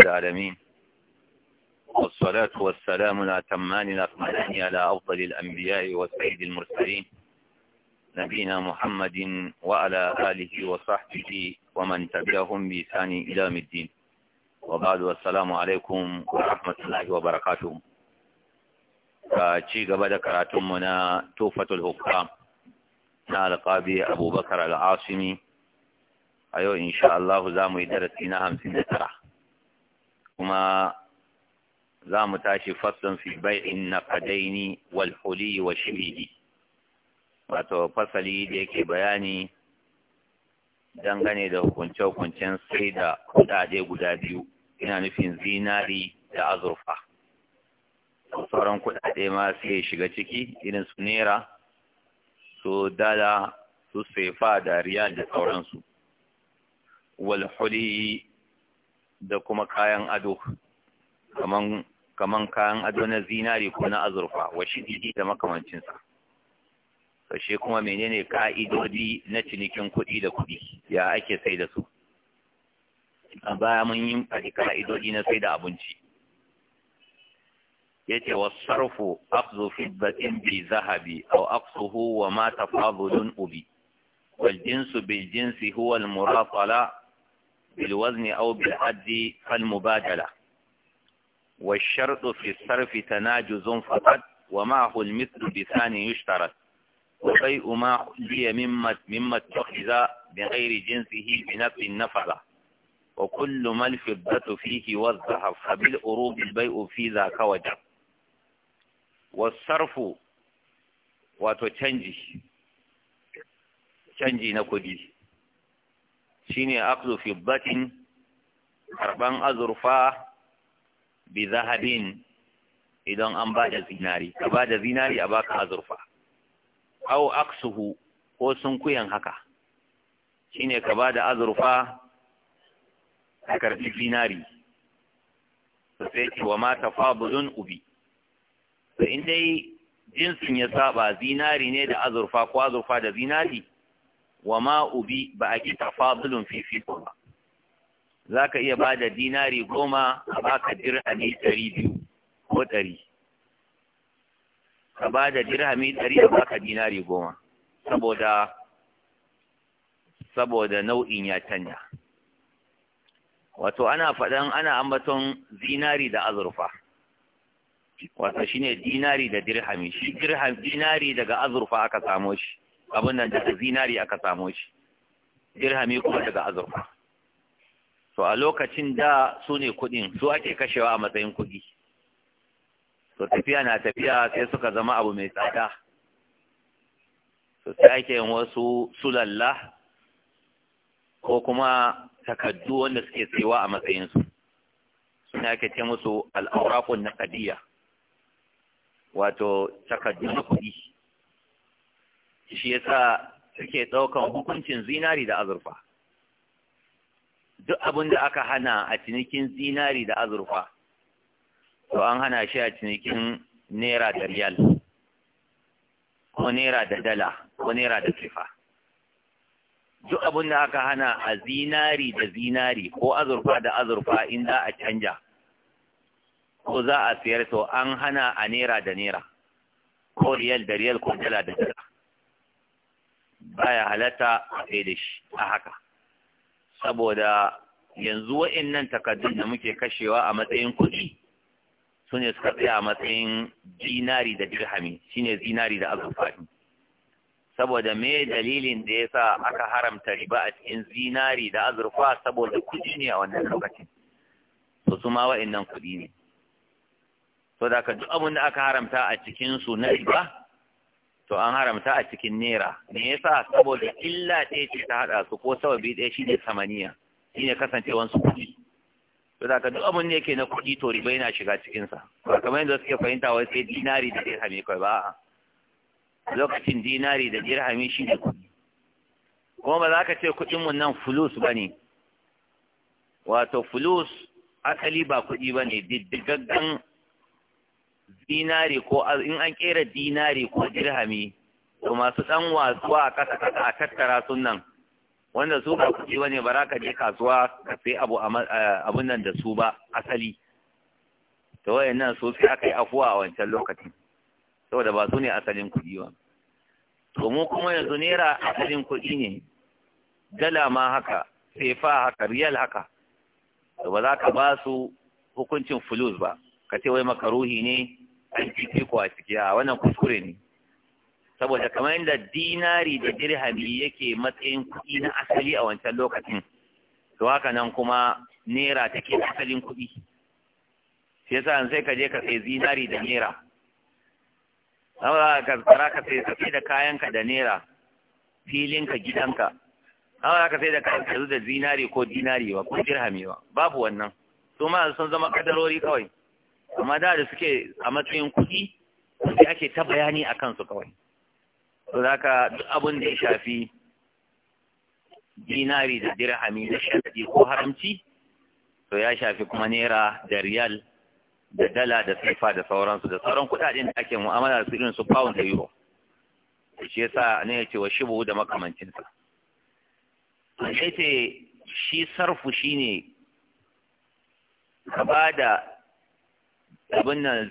العالمين والصلاة والسلام الأتمان الأكملان على أفضل الأنبياء والسيد المرسلين نبينا محمد وعلى آله وصحبه ومن تبعهم بإحسان إلى يوم الدين وبعد والسلام عليكم ورحمة الله وبركاته فشي قبل كراتمنا توفة الحكام na alƙabi abubakar al'asimi a yau insha Allah za mu yi darasi na hamsin da tara kuma za mu tashi fassan fi bai'in na fadaini walhuli wa shiridi wato fasali da yake bayani dangane da hukunce-hukuncen sai da kudade guda biyu ina nufin zinari da azurfa sauran kudade ma sai shiga ciki irin su naira su dala su sefa da riyal da sauransu walhuli da kuma kayan ado kaman kaman kayan ado na zinari ko na azurfa wa shididi da makamancinsa sashe kuma menene ka'idodi na cinikin kuɗi da kuɗi ya ake sai da su a baya mun yi faɗi ka'idodi na sai da abinci ya ce wa sarfu aqzu fiddatin bi zahabi aw aqsuhu wa ma tafadulun ubi wal jinsu bil jinsi huwa al murafala بالوزن أو بالعد فالمبادلة والشرط في الصرف تناجز فقط ومعه المثل بثاني يشترط وبيء ما حلي مما مما اتخذ بغير جنسه بنفس النفلة وكل ما الفضة فيه والذهب فبالأروب البيء في ذاك وجه والصرف وتشنجي تشنجي نكوديه shine aqdu fiddatin karban azurfa bi zahabin idan an bada da zinari ka ba da zinari a baka azurfa au aqsuhu ko sunkuyan haka shine ka ba azurfa ka karbi zinari to sai wa mata fabulun ubi to in dai jinsin ya saba zinari ne da azurfa ko azurfa da zinari wa ma ubi ba a kita fadulun fifiko ba za ka iya ba da dinari goma a baka dirhami ɗari biyu ko ɗari ka ba da dirhami ɗari a baka dinari goma saboda saboda nau'in ya canja wato ana faɗan ana ambaton zinari da azurfa wato shine dinari da dirhami shi dirhami dinari daga azurfa aka samo shi abin nan daga zinari aka samo shi dirhami kuma daga azurfa to a lokacin da sune ne kuɗin su ake kashewa a matsayin kuɗi to tafiya na tafiya sai suka zama abu mai tsada to sai ake yin wasu sulalla ko kuma takaddu wanda suke tsayawa a matsayinsu suna ake ce musu al'aurafun na wato takaddu na kuɗi shi yasa suke ɗaukan hukuncin zinari da azurfa duk abin da aka hana a cinikin zinari da azurfa to an hana shi a cinikin naira da riyal ko naira da dala ko naira da sifa duk abin da aka hana a zinari da zinari ko azurfa da azurfa inda a canja ko za a siyar to an hana a naira da naira ko riyal da riyal ko dala da dala baya halatta a kai da shi a haka saboda yanzu wa'innan takardun da muke kashewa a matsayin kuɗi su ne suka tsaya a matsayin zinari da dirhami ne zinari da azurfa saboda me dalilin da ya sa aka haramta riba a cikin zinari da azurfa saboda kuɗi ne a wannan lokacin to su ma wa'annan kuɗi ne to da ka duk abin da aka haramta a cikinsu na riba to an haramta a cikin ne me sa saboda illa ɗaya ce ta haɗa su ko biyu ɗaya ne samaniya ne kasancewan su kuɗi to da ka duk abin ne yake na kuɗi to riba yana shiga cikinsa. ba kamar yadda suke fahimta wai sai dinari da dirhami kai ba lokacin dinari da dirhami shi ne kuɗi kuma ba za ka ce kuɗin mu nan fulus ba ne. wato fulus asali ba kuɗi ba ne diddigaggan dinari ko in an kera dinari ko dirhami to masu dan wasuwa a kasa kasa a tattara sun wanda su ba kuɗi bane ba ka je kasuwa ka sai abu abun nan da su ba asali to wayannan su sai aka yi afuwa a wancan lokacin saboda ba su ne asalin kuɗi ba to mu kuma yanzu naira asalin kuɗi ne dala ma haka sefa haka riyal haka to ba za ka ba su hukuncin fulus ba ka ce wai makaruhi ne an ko a ciki a wannan kuskure ne saboda kamar yadda dinari da dirhami yake matsayin kuɗi na asali a wancan lokacin to haka nan kuma naira take asalin kuɗi shi yasa sai ka je ka sai zinari da naira saboda ka tsara ka sai sai da kayanka da naira gidan gidanka saboda ka sai da ka da zinari ko dinari ba ko dirhami ba babu wannan su ma sun zama kadarori kawai amma da da suke a matsayin kuɗi sai ake ta bayani a kansu kawai to za ka duk abin da ya shafi dinari da dirhami da shafi ko haramci to ya shafi kuma naira da riyal da dala da saifa da sauransu da sauran kudaden da ake mu'amala su irin su pound da euro shi yasa ne cewa wa shibu da makamancinsa sai ce shi sarfu shine ka ba da abin nan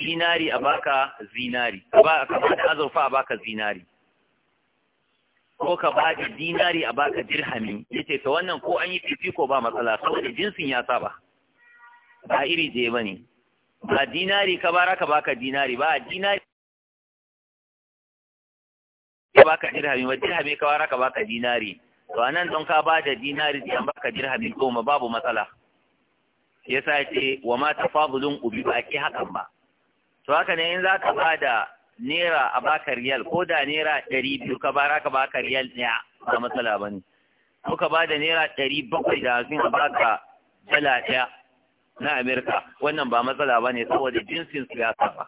zinari a baka zinari ba ka ba da azurfa a baka zinari ko ka ba da zinari a baka dirhami yace ta wannan ko an yi fifiko ba matsala saboda jinsin ya saba ba iri je ba ne. ba dinari ka bara ka baka dinari ba dinari ka baka dirhami ba dirhami ka bara ka baka dinari to anan don ka ba da dinari sai an baka dirhami goma babu matsala ya ya ce wa mata fabulun ubi ba ke hakan ba to haka ne in za ka ba da naira a baka riyal ko da naira ɗari biyu ka bara ka baka riyal ɗaya ba matsala ba ne ko ka ba da naira ɗari bakwai da hamsin a baka dala ɗaya na amerika wannan ba matsala ba ne saboda jinsin su ya saba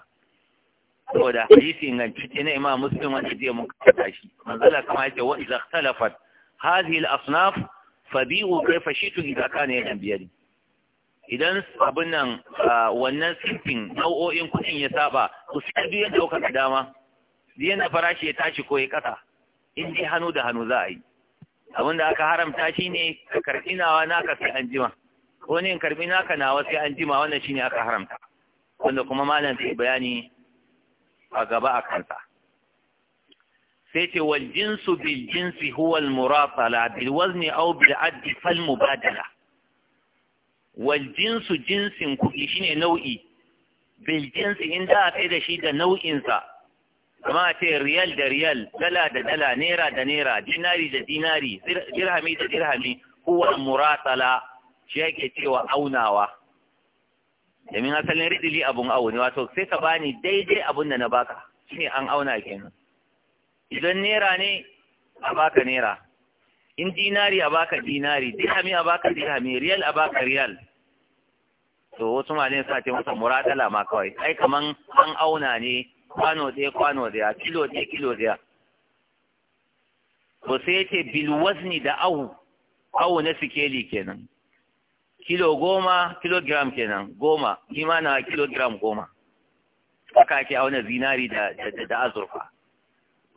saboda hadisi ingantacce na imam muslim wanda zai mun kasa shi manzala kama yake wa idza ikhtalafat hadhihi al-asnaf fabi'u kayfa shi'tum idza kana yadan biyadi idan abin nan wannan sifin nau'o'in kuɗin ya saba ku sai biyu yadda kuka dama biyan da farashi ya tashi ko ya ƙasa in dai hannu da hannu za a yi abin da aka haramta shi ne ka karɓi nawa naka sai an jima ko ne in naka nawa sai an jima wannan shine aka haramta wanda kuma malam sai bayani a gaba a kansa sai ce wal jinsu bil jinsi huwa al murasala bil wazni aw bil addi fal mubadala wal jinsu jinsin kuɗi shine nau'i bil jinsi in da a da shi da nau'insa kama a ce riyal da riyal dala da dala naira da naira dinari da dinari dirhami da dirhami huwa muratala shi yake cewa aunawa domin asalin ridili abun auni wato sai ka bani daidai abun da na baka shine an auna kenan idan naira ne a baka naira in dinari a baka dinari dirhami a baka dirhami riyal a baka riyal to wasu malin sa ce masa muradala ma kawai ai kaman an auna ne kwano ɗaya kwano ɗaya kilo ɗaya kilo ɗaya to sai yace bil wazni da awu awu na sikeli kenan kilo goma kilogram kenan goma kima na kilogram goma aka ake auna zinari da da, azurfa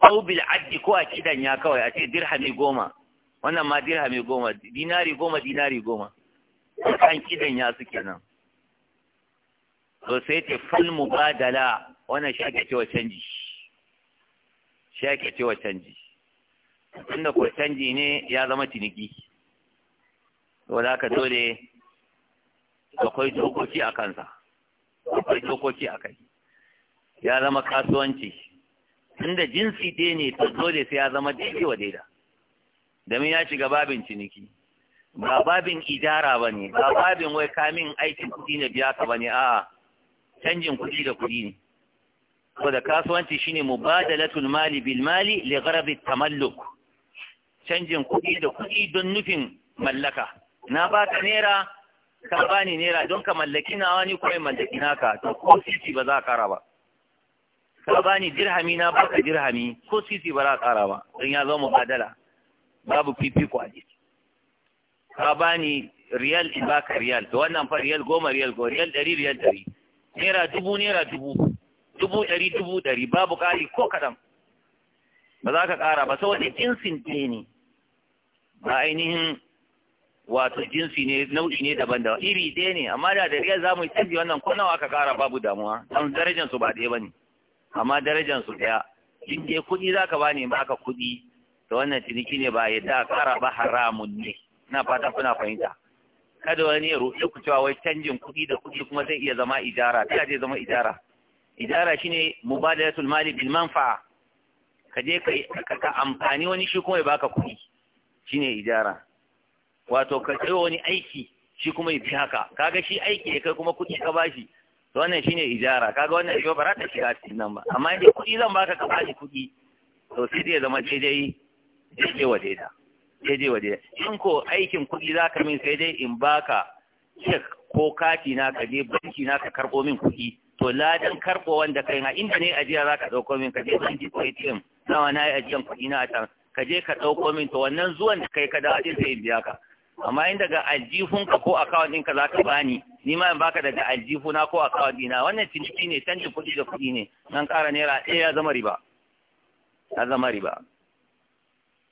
aw bil addi ko a kidan ya kawai a ce dirhami goma wannan ma dirhami goma dinari goma dinari goma kan kidan ya suke nan. to sai ce fal mubadala wannan shi ake cewa canji shi ake cewa canji tunda ko canji ne ya zama ciniki to da ka dole akwai dokoki a kansa akwai dokoki a kai ya zama kasuwanci tunda jinsi ɗaya ne to dole sai ya zama daidai wa daidai. domin ya shiga babin ciniki ba babin idara ba ne ba babin wai kamin aikin kuɗi na biya ka ba ne a canjin kuɗi da kuɗi ne ko da kasuwanci shine mubadalatul mali bil mali li gharabi tamalluk canjin kuɗi da kuɗi don nufin mallaka na ka naira ka bani naira don ka mallaki na wani ko mallaki naka to ko sisi ba za ka kara ba ka bani dirhami na ka dirhami ko sisi ba za ka kara ba don ya zo mubadala babu fifiko a jiki ka bani riyal in baka riyal to wannan fa riyal goma riyal goma riyal ɗari riyal ɗari naira dubu naira dubu dubu ɗari dubu ɗari babu ƙari ko kaɗan ba za ka ƙara ba saboda jinsin ɗaya ne ba ainihin wato jinsi ne nau'i ne daban-daban iri ɗaya ne amma da da riyal za mu yi canji wannan ko nawa ka ƙara babu damuwa don darajansu ba ɗaya ba ne amma darajansu ɗaya in kuɗi za ka ba ne ba ka kuɗi to wannan ciniki ne ba ya da ƙara ba haramun ne na fata kuna fahimta kada wani ya roƙe ku cewa wai canjin kuɗi da kuɗi kuma zai iya zama ijara kada zai zama ijara ijara shine mubadalatul mali bil manfa ka je ka amfani wani shi kuma ya baka kuɗi shine ijara wato ka tsayo wani aiki shi kuma ya fi haka kaga shi aiki ya kai kuma kuɗi ka bashi to wannan shine ijara kaga wannan shi ba za ta shiga cikin nan ba amma idan kuɗi zan baka ka bashi kuɗi to sai zai zama daidai daidai wa daidai wa in ko aikin kuɗi za ka min sai dai in baka cek ko kati na ka je banki na ka karɓo min kuɗi to ladan karɓo wanda kai na inda ne ajiya za ka ɗauko min ka je banki ko ATM nawa na yi ajiyan kuɗi na a can ka je ka ɗauko min to wannan zuwan da kai ka da ɗin sai in biya ka amma in daga aljihunka ko akawun ɗinka za ka bani ni ma in baka daga aljihuna ko akawun ɗina wannan ciniki ne canjin kuɗi da kuɗi ne nan ƙara naira ɗaya ya zama riba ya zama riba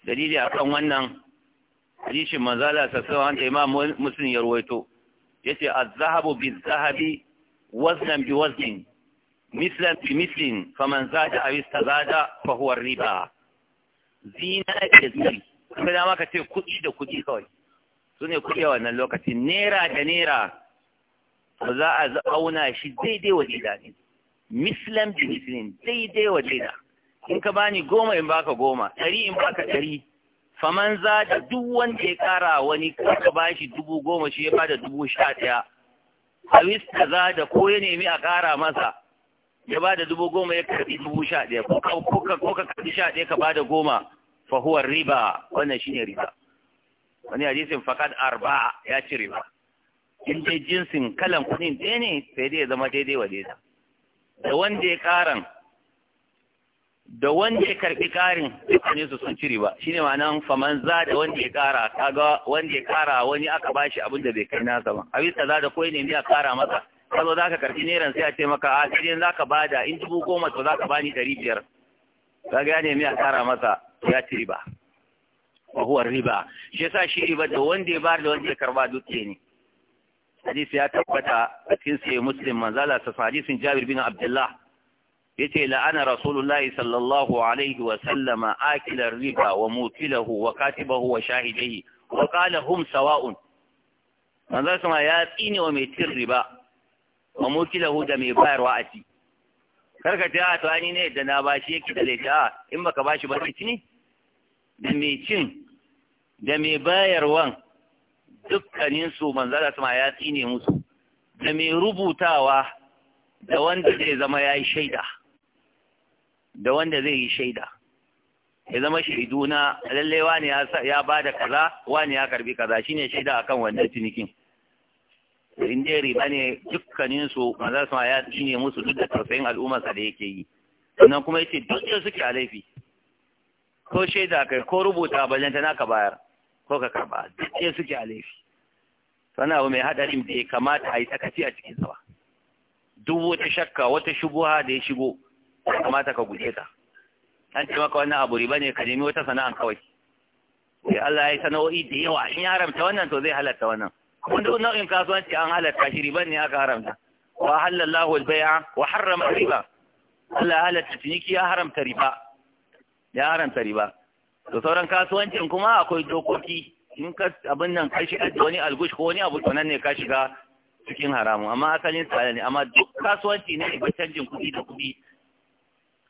dalili a kan wannan hadishin manzala an ta imam muslim ya ruwaito yace az-zahabu biz-zahabi waznan bi waznin mislan bi mislin faman zada aw istazada fa huwa riba zina da zuri kuma da maka ce kuɗi da kuɗi kawai su ne kuɗi a wannan lokaci nera da nera. ba za a auna shi daidai wa daida ne mislan bi mislin daidai wa daida in ka bani goma in baka goma ɗari in baka ɗari faman za da duk wanda ya ƙara wani ka bashi dubu goma shi ya bada dubu sha ɗaya a wista za da ko ya nemi a ƙara masa ya bada dubu goma ya karɓi dubu sha ɗaya ko ka karɓi sha ɗaya ka bada goma fahuwar riba wannan shine riba wani hadisin fakat arba ya ci riba in dai jinsin kalan kuɗin ɗaya ne sai dai ya zama daidai wa daidai da wanda ya ƙaran da wanda ya karbi karin dukkan su sun ciri ba shine ma'anan faman za da wanda ya kara kaga wanda ya kara wani aka bashi abin da bai kai na ba abin sa za da koyi ne ya kara masa kazo za ka karbi neran sai a ce maka a sai za ka bada in dubu goma to za ka bani ɗari biyar kaga ya nemi a kara masa ya cire ba. wa huwa riba shi yasa shi riba da wanda ya bayar da wanda ya karba dukke ne hadisi ya tabbata a cikin sai muslim manzala sa hadisin Jabir bin Abdullah yace la'ana rasulullahi sallallahu alaihi wa sallama akilar riba wa mutilahu wa katibahu wa shahidihi wa qala hum sawa'un manzo sama ya tsini wa mai cin riba wa mutilahu da mai bayarwa a ci karka ta ah, ta ani ne da na bashi yake da laita ah, in baka bashi ba ci ne da mai cin da mai bayarwan dukkanin su manzo sama ya tsini musu da mai rubutawa da wanda zai zama ya yi shaida da wanda zai yi shaida ya zama shaiduna lallai wani ya ba da kaza wani ya karbi kaza shine shaida akan wannan cinikin in dai riba ne dukkaninsu maza su ya shine musu duk da tausayin al'ummarsa da yake yi sannan kuma yace duk da suke a laifi ko shaida kai ko rubuta bajanta naka bayar ko ka karba duk da suke a laifi sannan abu mai hadarin ya kamata a yi sakaci a cikin sa ba duk wata shakka wata shubuha da ya shigo ya kamata ka guje ta an ce maka wannan abu riba ne ka nemi wata sana'a kawai sai Allah ya yi sana'o'i da yawa in ya haramta wannan to zai halatta wannan Kuma duk nau'in kasuwanci an halatta shi riban ne aka haramta wa halallahu albaya baia wa harrama riba Allah halatta ciniki ya haramta riba ya haramta riba to sauran kasuwancin kuma akwai dokoki in ka abin nan ka shiga da wani algush ko wani abu nan ne ka shiga cikin haramun amma asalin tsada ne amma duk kasuwanci ne ba canjin kuɗi da kuɗi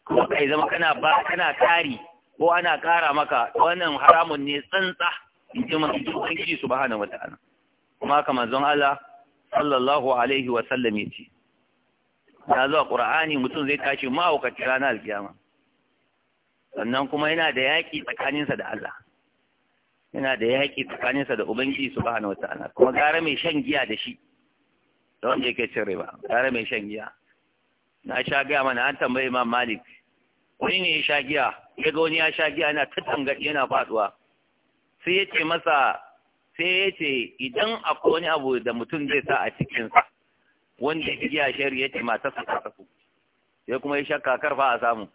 ko yi zama kana ba kana kari ko ana kara maka wannan haramun ne tsantsa in ji mai ubangiji subhanahu ana? kuma haka manzon Allah sallallahu alaihi wa sallam yace ya zuwa qur'ani mutum zai tashi ma wakati ranar alkiyama sannan kuma yana da yaki tsakaninsa da Allah yana da yaki tsakaninsa da ubangiji subhanahu wataala kuma gara mai shan giya da shi don yake cire ba, gara mai shan giya na sha gaya mana an tambayi imam malik wani ne ya sha giya ya ga wani ya sha giya yana ta tangaɗi yana faɗuwa sai ya ce masa sai ya ce idan akwai wani abu da mutum zai sa a cikinsa wanda ya giya shari ya ce matarsa ta tafi sai kuma ya sha kakar fa a samu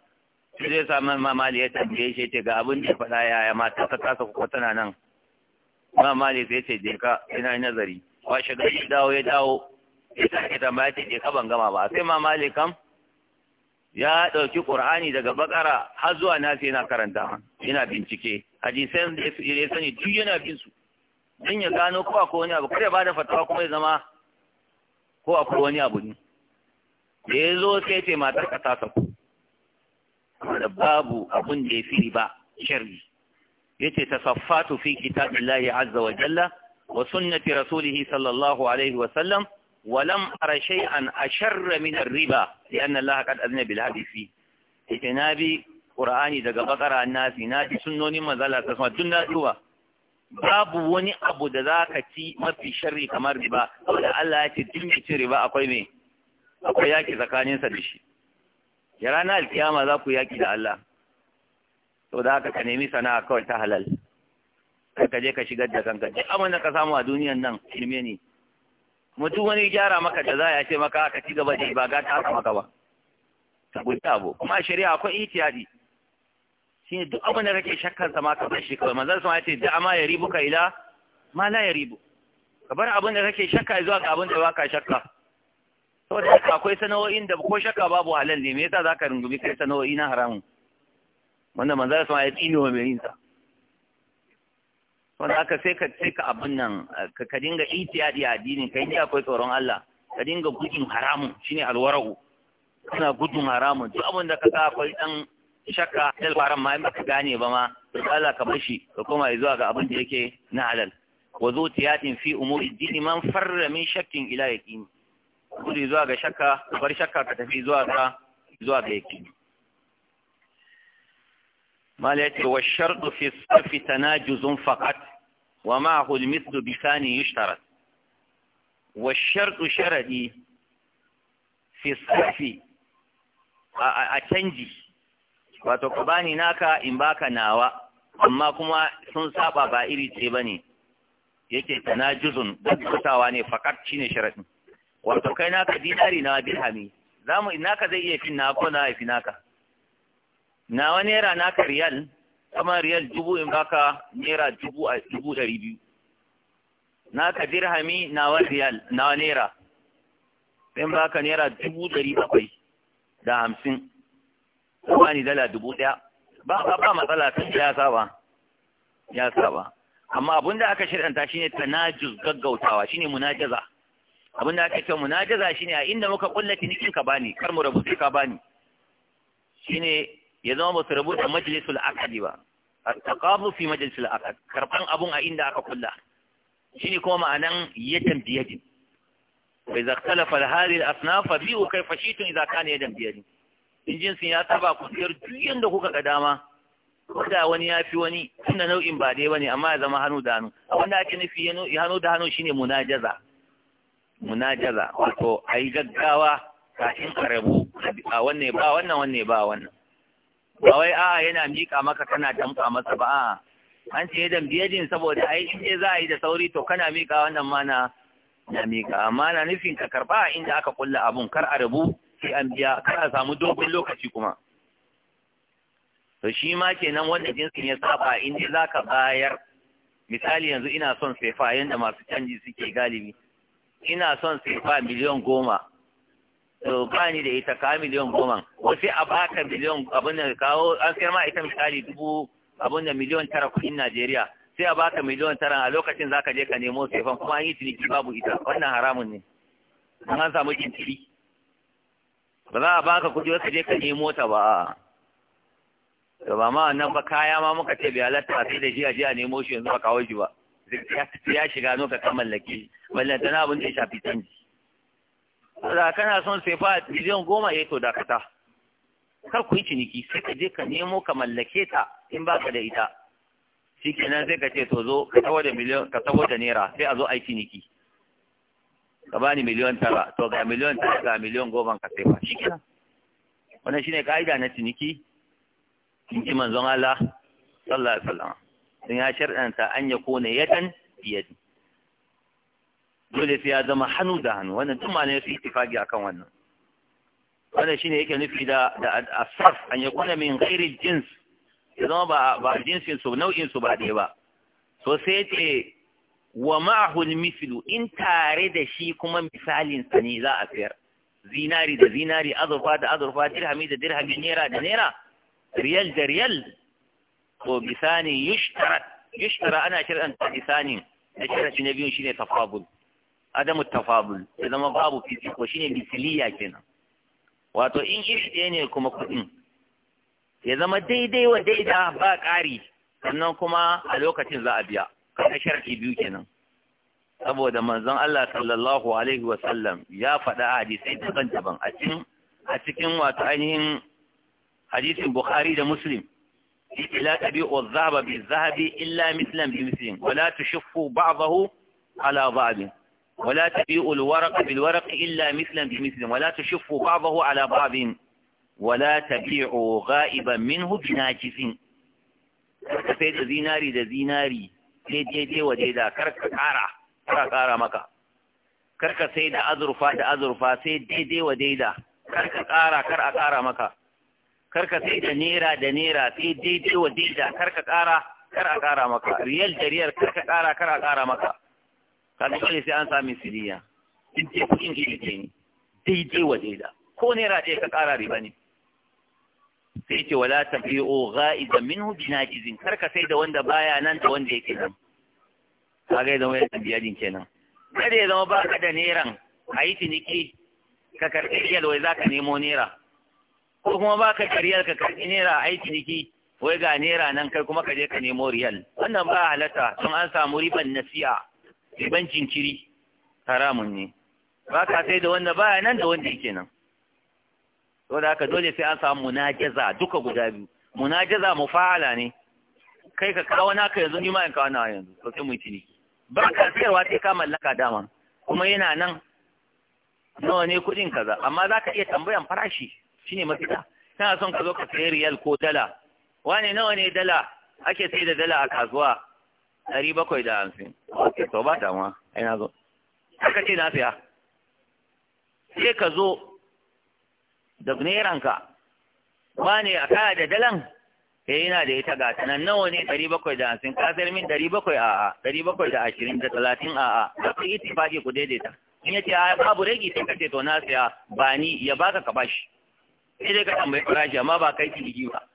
shi zai sa mamali ya tambaye shi ya ce ga abin da ya faɗa yaya matarsa ta kasa kuka tana nan mamali sai ya ce je ka ina nazari washe gari dawo ya dawo ya sake tambaya ce je ka ban gama ba sai mamali kam ya ɗauki ƙur'ani daga bakara har zuwa nasi na karanta yana bincike hadisan da ya sani duk yana bin su don ya gano ko akwai wani abu kare ba da fatawa kuma ya zama ko akwai wani abu ne da ya zo sai ce matar ka ta sako da babu abun da ya fi riba sharri yace tasaffatu fi kitabillahi azza wa jalla wa sunnati rasulihi sallallahu alaihi wa sallam walam ara shay'an asharra min ar-riba lianna Allah qad azna bil hadisi ita nabi qur'ani daga bakara nasi na ji sunnonin mazala ta kuma tun na duwa babu wani abu da zaka ci mafi sharri kamar riba saboda Allah ya ce tun riba akwai me akwai yaki tsakanin da shi ya rana alkiyama za ku yaki da Allah saboda haka ka nemi sana'a kawai ta halal kai ka je ka shigar da kanka duk abin da ka samu a duniyan nan shirme ne mutum wani gyara maka da za ya ce maka aka ci gaba da ibaga ta haka maka ba ta guji abu kuma a shari'a akwai itiyadi shi ne duk abin da kake shakkar sa ma ka bar shi kawai manzon sama ya ce da ma ya ribu ka ila ma la ya ribu ka bar abin da kake shakka zuwa ga abin da ba ka shakka saboda akwai sana'o'in da ko shakka babu halal ne me yasa zaka rungumi kai sana'o'i na haramun wanda manzon sama ya tsine wa mai yin sa wanda aka sai ka sai ka abin nan ka dinga itiyadi a addinin kai ne akwai tsoron Allah ka dinga gudun haramun shine alwara'u kana gudun haramun duk abin da ka sa akwai dan shakka dal faran ma baka gane ba ma to Allah ka bashi ka koma zuwa ga abin da yake na halal wa tiyatin fi umuri dini man farra min shakkin ila yaqini gudu zuwa ga shakka bar shakka ka tafi zuwa ga zuwa mala yace wa shartu fi safi tanajuzun faqat wa ma al-mithlu bi thani yushtarat wa shartu sharaɗi fi safi a canji wato ka bani naka in baka nawa amma kuma sun saba ba iri ce ne. yake tanajuzun gaskatawa ne shi ne sharaɗi. wato kai naka dinari na Za mu ina ka zai iya fin naka ko na fi naka na wani na naka riyal kamar riyal dubu in baka naira dubu a dubu ɗari biyu naka dirhami nawa riyal nawa naira in baka naira dubu ɗari bakwai da hamsin kuma ni dala dubu ɗaya ba ba ba matsala ta ya saba ya saba amma abin da aka shirɗanta shine tanajuz gaggautawa shine munajaza abin da aka ce munajaza shine a inda muka kulla nikin ka bani kar mu rabu ka bani shine ya zama ba su rabu da majalisul akadi ba at-taqabu fi majalisul akad karban abun a inda aka kulla shine kuma ma'anan yadan biyadin wa idza ikhtalafa hadhihi al-asnaf bi'u kayfa shi'tum idza kana yadan biyadin in sun ya saba ku siyar duk da kuka ga dama koda wani ya fi wani tunda nau'in ba dai bane amma ya zama hannu da hannu wanda ake nufi hannu da hannu shine munajaza munajaza wato yi gaggawa kafin karabu rabu a wannan ba wannan wannan ba wannan ba wai a'a yana miƙa maka kana tamka masa ba a an ce dan biyadin saboda ai in za a yi da sauri to kana miƙa wannan ma na na miƙa amma na nufin ka karɓa inda aka kulla abun kar a rabu sai an biya kar a samu dogon lokaci kuma to shi ma kenan wanda jinsin ya saba in dai za ka bayar misali yanzu ina son sefa yanda masu canji suke galibi ina son sefa miliyan goma ba ni da ita ka miliyan goma wasu sai a baka miliyon abin da kawo an sayar ma ita misali dubu abin da miliyon tara kuɗin Najeriya sai a baka miliyon tara a lokacin za ka je ka nemo sefan kuma an yi ciniki babu ita wannan haramun ne an an samu kintiri ba za a baka kuɗi ka je ka nemo ta ba to ba ma wannan ba kaya ma muka ce bai halatta sai da jiya jiya a nemo shi yanzu ba kawo shi ba ya shiga nuka kan mallake wannan tana abin da ya shafi canji da kana son sai fa miliyan goma ya eh to dakata kar ku yi ciniki sai ka je ka nemo ka mallake ta in ba ka da ita nan sai ka ce to zo ka tawo da miliyon ka tawo da naira sai a zo a yi ciniki ka ba ni miliyon tara to ga miliyon tara ga miliyon goma ka sai fa shikenan wannan shine ka'ida na ciniki in ji manzon Allah sallallahu alaihi wasallam sun ya sharɗanta an ya kone yadan biyadi dole sai ya zama hannu da hannu wannan duk malamai su ittifaqi akan wannan wannan shine yake nufi da da asaf an yakuna min ghairi jins ya zama ba ba jinsin su nau'in su ba dai ba so sai ce wa ma'ahu mislu in tare da shi kuma misalin sa ne za a sayar zinari da zinari azurfa da azurfa dirhami da dirhami naira da naira riyal da riyal ko bisani yushtarat yushtara ana shir'anta bisani da shir'anci na biyu shine tafabul adamu tafabul ya zama babu fifiko shine misiliya kenan wato in iri ɗaya ne kuma kuɗin ya zama daidai wa daida ba ƙari sannan kuma a lokacin za a biya kasa sharɗi biyu kenan saboda manzon Allah sallallahu alaihi wa sallam ya faɗa hadisai daban-daban a cikin a cikin wato ainihin hadisin Bukhari da Muslim لا تبيعوا الذهب بالذهب إلا مثلا بمثل ولا تشفوا بعضه على بعض ولا تبيء الورق بالورق إلا مثلا بمثل ولا تشف بعضه على بعض ولا تبيع غائبا منه بناجز فيد ديناري ذا ديناري دي دي دي ودي دا كرك عارة كرك عارة مكا كرك سيد أذرفا دا أذرفا سيد دي دي ودي دا كرك عارة كرك عارة مكا كرك سيد نيرا دنيرة سيد دي دي ودي دا كرك عارة كرك عارة مكا ريال دا كرك عارة كرك عارة مكا kaga dole sai an sami siriya in ce kuɗin shi ne ne daidai wa daida ko naira ɗaya ka ƙara riba ne sai ce wala tabi'u gha'iza minhu binajizin kar ka sai da wanda baya nan da wanda yake nan kaga idan wani din kenan kada ya zama baka da neran a yi ciniki ka karɓi riyal wai za ka nemo naira ko kuma baka da riyal ka karɓi naira a yi ciniki wai ga naira nan kai kuma ka je ka nemo riyal wannan ba halatta sun an samu riban nasiya riban jinkiri haramun ne ba ka sai da wanda baya nan da wanda yake nan saboda haka dole sai an samu munajaza duka guda biyu munajaza fa'ala ne kai ka kawo naka yanzu ni ma in kawo naka yanzu to sai mu tini ba ka sayarwa sai ka mallaka dama kuma yana nan nawa ne kudin kaza amma za ka iya tambayan farashi shine mafita kana son ka zo ka sayi riyal ko dala wane nawa ne dala ake sai da dala a kasuwa ɗari bakwai da hamsin ok to ba damuwa ai zo aka ce na siya sai ka zo da neranka ba ne a kaya da dalan ya eh, yi na da ita ga nan nawa ne ɗari bakwai da hamsin ka min ɗari bakwai a a ɗari bakwai da ashirin da talatin a a za ku yi ku daidaita in ya a babu rage sai ka ce to na siya ba ni ya baka ka bashi sai dai ka tambayi farashi amma ba kai ciniki ba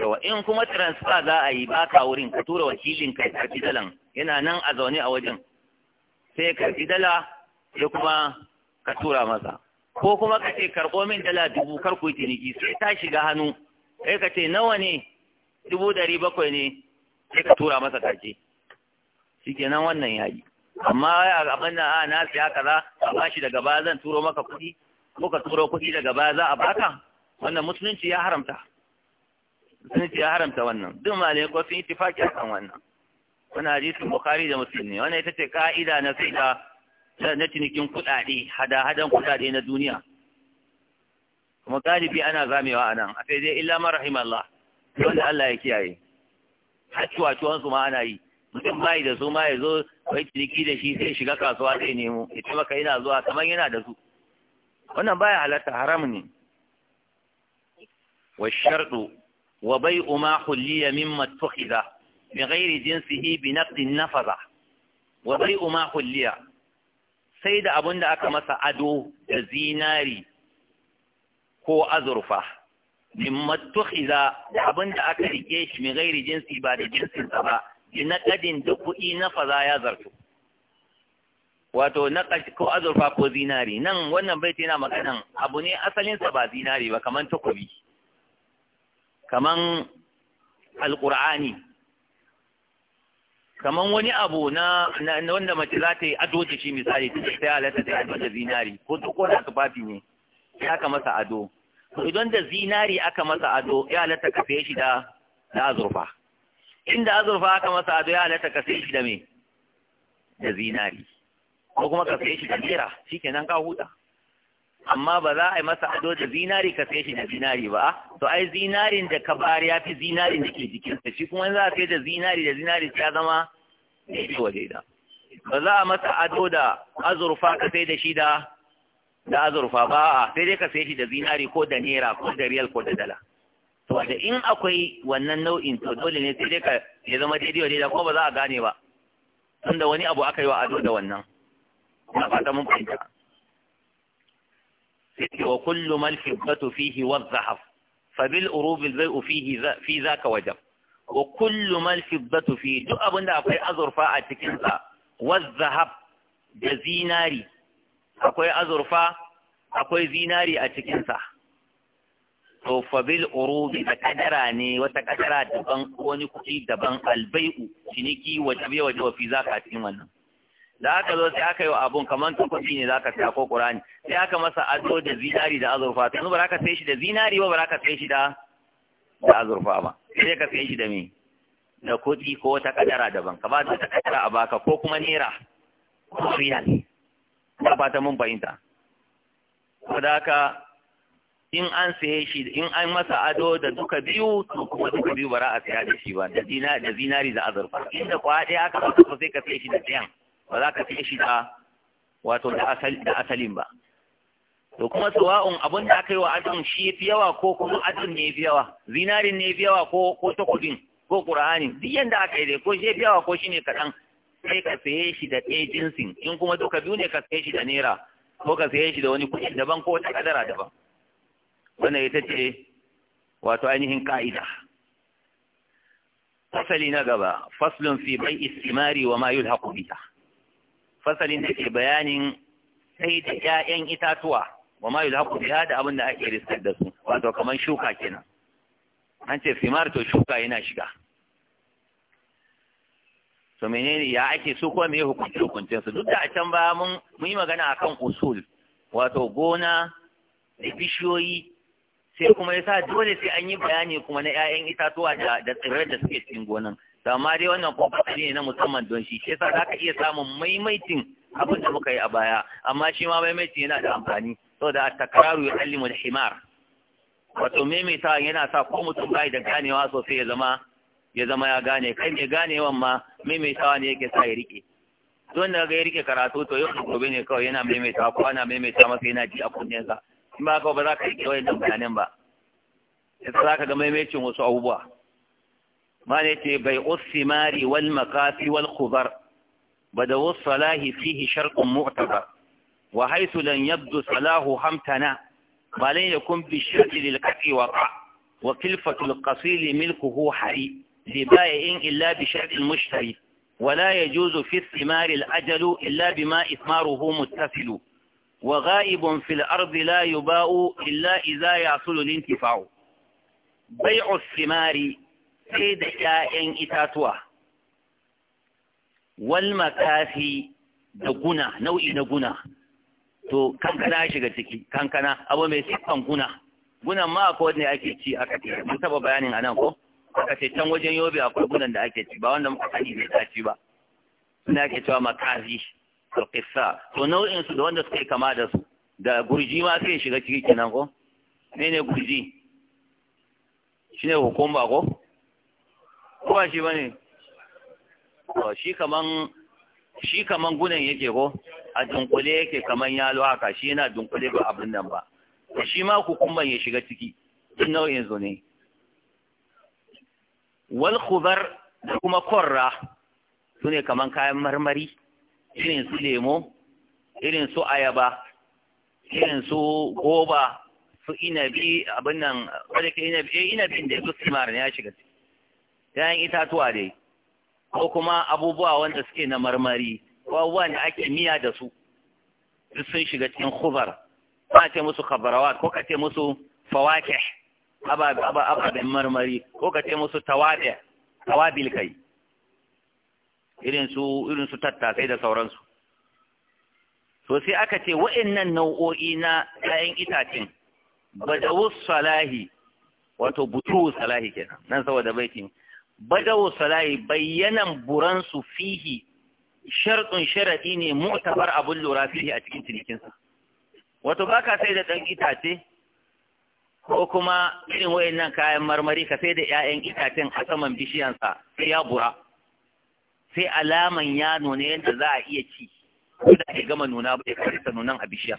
yawa in kuma transfer za a yi baka wurin ka tura wakilin ka karfi dalan yana nan a zaune a wajen sai karfi dala sai kuma ka tura masa ko kuma ka ce karɓo min dala dubu kar ku yi ciniki sai ta shiga hannu kai ka ce nawa ne dubu ɗari bakwai ne sai ka tura masa kace shikenan wannan yayi amma a gaban nan a na siya kaza a bashi daga baya zan turo maka kuɗi ko ka turo kuɗi daga baya za a baka wannan musulunci ya haramta sun ce haramta wannan duk malai ko sun a kan wannan wani hadisin bukari da musulmi. ne wannan ita ce ka'ida na fiqa na cinikin kuɗaɗe hada-hadan kuɗaɗe na duniya kuma galibi ana zamewa a nan a sai dai illa marahim Allah wanda Allah ya kiyaye hacuwa su ma ana yi mutum yi da su ma ya zo wai ciniki da shi sai shiga kasuwa sai nemo ya maka yana zuwa kamar yana da su wannan baya halatta haram ne wa shardu. wa bai'u ma hulliya min tukhiza bi ghairi jinsihi bi naqdin nafaza wa bai'u ma hulliya sai da abun da aka masa ado da zinari ko azurfa Min tukhiza abun da aka rike shi mi ghairi jinsi ba da jinsin sa ba bi naqdin da kuɗi nafaza ya zarto. wato na ko azurfa ko zinari nan wannan baiti yana maganan abu ne asalinsa ba zinari ba kamar takobi kaman alqur'ani kaman wani abu na wanda mace za ta yi ado da shi misali ta sai halatta ta ado da zinari ko ko da tufafi ne ya aka masa ado to idan da zinari aka masa ado ya halatta ka saye shi da da azurfa inda azurfa aka masa ado ya halatta ka saye shi da me da zinari ko kuma ka saye shi da naira shikenan ka huta amma ba za a yi masa ado da zinari ka sai shi da zinari ba to ai zinarin da ka bayar ya fi zinarin da ke sa shi kuma za a sai da zinari da zinari ya zama daidai wa daida ba za a masa ado da azurfa ka sai da shi da da azurfa ba a sai dai ka sai shi da zinari ko da naira ko da riyal ko da dala to da in akwai wannan nau'in to dole ne sai dai ka ya zama daidai wa daida ko ba za a gane ba tunda wani abu aka yi wa ado da wannan na fata mun fahimta yace wa kullu mal fiddatu fihi fa bil urub al bay'u fihi fi zaka wajab wa kullu mal fiddatu duk abinda akwai azurfa a cikin sa wa da zinari akwai azurfa akwai zinari a cikinsa. sa to fa bil da kadara ne wata kadara daban kuɗi daban albai'u, ciniki wajab ya wajab fi zaka cikin wannan da aka zo sai aka yi wa abun kamar takwabi ne za ka saya ko ƙurani sai aka masa ado da zinari da azurfa tunu ba za ka sai shi da zinari ba ba za ka sai shi da azurfa ba sai ka sai shi da me da kuɗi ko wata kadara daban ka ba da wata kadara a baka ko kuma naira ko ne. ba ba ta mun fahimta saboda haka in an saye shi in an masa ado da duka biyu to kuma duka biyu ba za a saya da shi ba da zinari da azurfa inda kwa ɗaya aka ba sai ka sai shi da ɗayan ba za ka fi shi da wato da asalin ba to kuma sawa'un abin da aka yi wa adon shi ya fi yawa ko kuma adon ne ya fi yawa zinarin ne ya fi yawa ko ko takobin ko qur'anin duk yadda aka yi dai ko shi ya fi yawa ko shi ne kaɗan sai ka saye shi da ɗaya jinsin in kuma duka biyu ne ka saye shi da naira ko ka saye shi da wani kuɗi daban ko wata kadara daban wannan ita ce wato ainihin ka'ida fasali na gaba faslun fi bai istimari wa ma yulhaqu biha fasalin da ke bayanin sai da ƴaƴan itatuwa wa ma yulhaqu biha da abin da ake riskar da su wato kamar shuka kenan an ce simar to shuka yana shiga to menene ya ake su kuma me hukunci hukuncin su duk da a can ba mun mun yi magana akan usul wato gona da bishiyoyi sai kuma yasa dole sai an yi bayani kuma na ƴaƴan itatuwa da da tsirrai da suke cikin gonan amma dai wannan ko fasali ne na musamman don shi shi yasa za ka iya samun maimaitin abin da muka yi a baya amma shi ma maimaitin yana da amfani saboda takararu ya mu da himar wato maimaitawa yana sa ko mutum bai da ganewa sosai ya zama ya zama ya gane kai mai ganewan ma maimaitawa ne yake sa ya rike don da ga ya rike karatu to yau gobe ne kawai yana maimaitawa ko ana maimaita masa yana ji a kunnensa in ba ka ba za ka rike wayan bayanan ba yasa za ka ga maimaicin wasu abubuwa ما بيع الثمار والمقاف والخضر بدو الصلاة فيه شرط معتبر وحيث لن يبدو صلاه همتنا ما لن يكون بالشرط للقطع وقع وكلفة القصيل ملكه حري لبائع إلا بشرط المشتري ولا يجوز في الثمار الأجل إلا بما إثماره متصل وغائب في الأرض لا يباء إلا إذا يحصل الانتفاع بيع الثمار sai da ‘ya'yan itatuwa, wal makafi da guna, nau'i na guna, to kankana shiga ciki, kankana, abu mai siffan guna, gunan ma akwai wanda ake ci a kake, mun taba bayanin nan ko? Aka ce can wajen yobe akwai gunan da ake ci, ba wanda muka sani zai ci ba. Suna ake cewa makafi, alƙissa, to nau'in su da wanda suka yi kama da su, da gurji ma sai shiga ciki kenan ko? Ne ne gurji? Shi ne hukumba ko? ko ba shi ba ne shi kaman shi kaman gunan yake ko a dunkule yake kaman ya haka shi yana dunkule ba abin nan ba shi ma kukumban ya shiga ciki duk nau'in yanzu ne wal khudar da kuma korra su ne kaman kayan marmari irin su lemo irin su ayaba irin su goba su inabi abin nan wadda ke inabi eh, inabin da su simar ne ya shiga ciki ‘ya'yan itatuwa dai, ko kuma abubuwa wanda suke na marmari, ko abubuwa da ake miya da su, duk sun shiga cikin hubar, ba ce musu kabarawa ko ka ce musu fawake, ababen marmari, ko ka ce musu tawabe, tawabil kai, irin su tattasai da sauransu. So sai aka ce wa'innan nau'o'i na ‘ya'yan itacen, wasu salahi, wato butu salahi kenan, nan saboda baikin, badawo Salayi bayyanan buransu fihi sharɗin sharaɗi ne mu'tabar abin lura fihi a cikin cinikinsa wato ba ka sai da ɗan itace ko kuma irin wayannan kayan marmari ka sai da 'ya'yan itacen a saman bishiyansa sai ya bura sai alaman ya nuna yadda za a iya ci ko da ke gama nuna ba ya karisa nunan a bishiya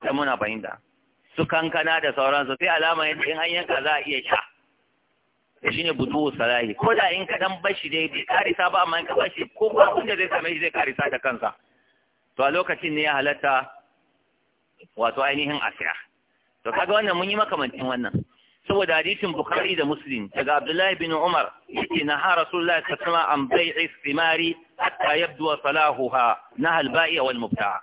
ta muna fahimta su kankana da sauransu sai alaman yadda in an yanka za a iya sha da shine budu salahi ko da in ka dan bashi dai bai karisa ba amma in ka bashi ko ba kun da zai same shi zai karisa da kansa to a lokacin ne ya halatta wato ainihin asiya to kaga wannan mun yi makamantin wannan saboda hadisin bukhari da muslim daga abdullahi bin umar yake na ha rasulullahi ta sama an bai'i simari hatta yabdu salahuha na halba'i wal mubta'a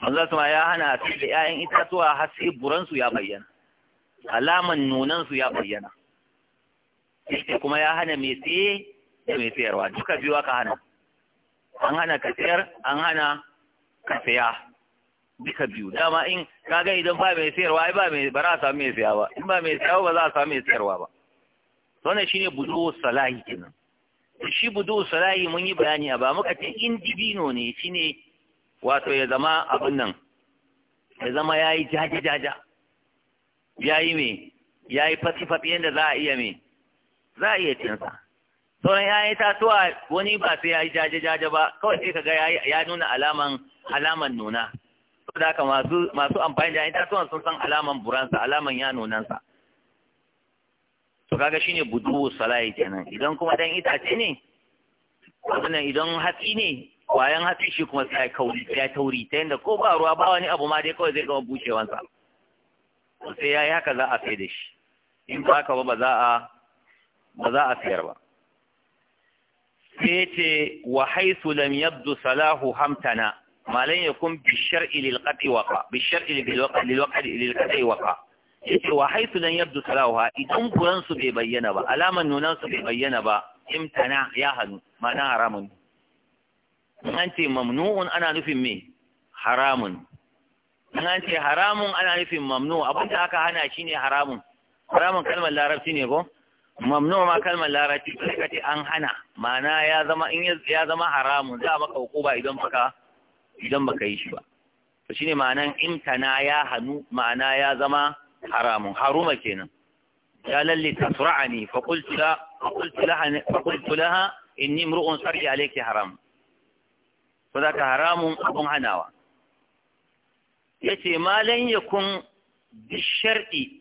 manzo sama ya hana sai da 'ya'yan itatuwa har sai buransu ya bayyana alaman nunan su ya bayyana yake kuma ya hana mai tsaye da mai tsayarwa duka biyu aka hana an hana ka tsayar an hana ka saya duka biyu dama in kaga idan ba mai sayarwa ai ba mai ba za a samu mai saya ba in ba mai saya ba za a samu mai sayarwa ba wannan shine budu salahi kenan shi budu salahi mun yi bayani a ba muka ce indibino ne shine wato ya zama abin nan ya zama yayi jaja jaja yayi me yayi fati fati yanda za a iya me za a iya cinsa sauran ‘ya'yan itatuwa wani ba sai ya yi jaje-jaje ba kawai sai ka ga ya nuna alaman alaman nuna so da haka masu masu amfani da yi tatuwa sun san alaman buransa alaman ya nunansa to kaga shine budu salayi kenan idan kuma dan itace ne wannan idan hatsi ne kwayan hatsi shi kuma sai kauri sai tauri ta yanda ko ba ruwa ba wani abu ma dai kawai zai gama bushewansa sai yayi haka za a sai da shi in ba ka ba ba za a ba za a sayar ba sai ce wa haisu lam yabdu salahu hamtana malan ya kun shar'i lil qat'i waqa bi shar'i lil waqa lil waqa lil qat'i waqa wa haisu lam yabdu salaha idan kuran bai bayyana ba alaman nunansu bai bayyana ba imtana ya hannu, ma'ana haramun in an ce mamnu'un ana nufin me haramun in an ce haramun ana nufin mamnu abin da aka hana shi ne haramun haramun kalmar larabci ne ko mamnu ma kalmar larabci ka ce an hana ma'ana ya ya zama haramun za maka hukuba idan baka idan baka yi shi ba to shine ma'anan imtana ya hanu ma'ana ya zama haramun haruma kenan ya lalle tasra'ani fa qultu la fa qultu laha fa qultu laha haram ko haramun hanawa yace ma bi shar'i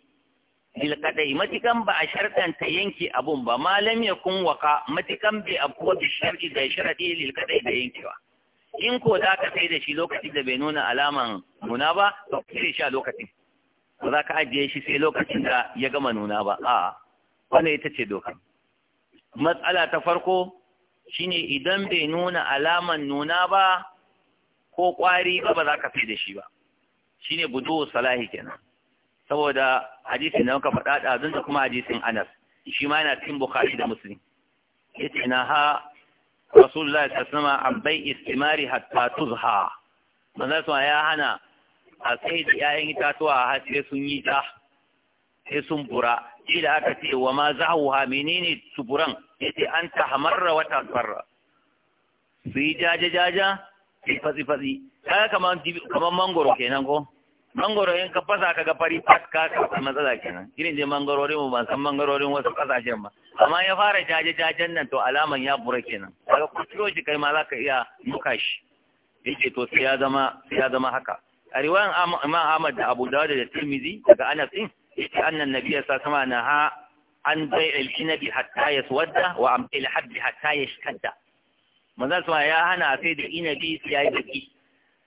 bilkadai matikan ba a sharɗanta yanke abun ba malam ya kun waka matikan bai abuwa da sharɗi da sharaɗi lilkadai da yankewa in ko za ka sai da shi lokacin da bai nuna alaman nuna ba to sai shi a lokacin ba za ka ajiye shi sai lokacin da ya gama nuna ba a wannan ita ce dokan. matsala ta farko shi ne idan bai nuna alaman nuna ba ko kwari ba ba za ka sai da shi ba shine budu salahi kenan saboda hadisin da muka faɗa ɗazun da kuma hadisin anas shi ma yana cikin bukari da musulmi yace na ha rasulullah ta sama an bai istimari hatta tuzha manzo sama ya hana a sai da 'ya'yan itatuwa har sai sun yi ta sai sun bura ila aka ce wa ma zahuha menene tuburan yace an tahmarra wa tasfarra su yi jaja jaja fatsi fatsi kaya kamar mangoro kenan ko mangoro in ka fasa ka ga fari fas ka ka matsala kenan irin dai mangarorin mu ban san mangarorin wasu kasashen ba amma ya fara jaje jajen nan to alaman ya fura kenan Daga kuskure shi kai ma zaka iya muka shi yake to sai ya zama ya zama haka a riwayan Imam Ahmad da Abu Dawud da Tirmidhi daga Anas din yace annan nabiyyi sallallahu alaihi na ha an bai'il inabi hatta wadda, wa amtil habbi hatta yashkadda manzo ya hana sai da inabi sai ya yi baki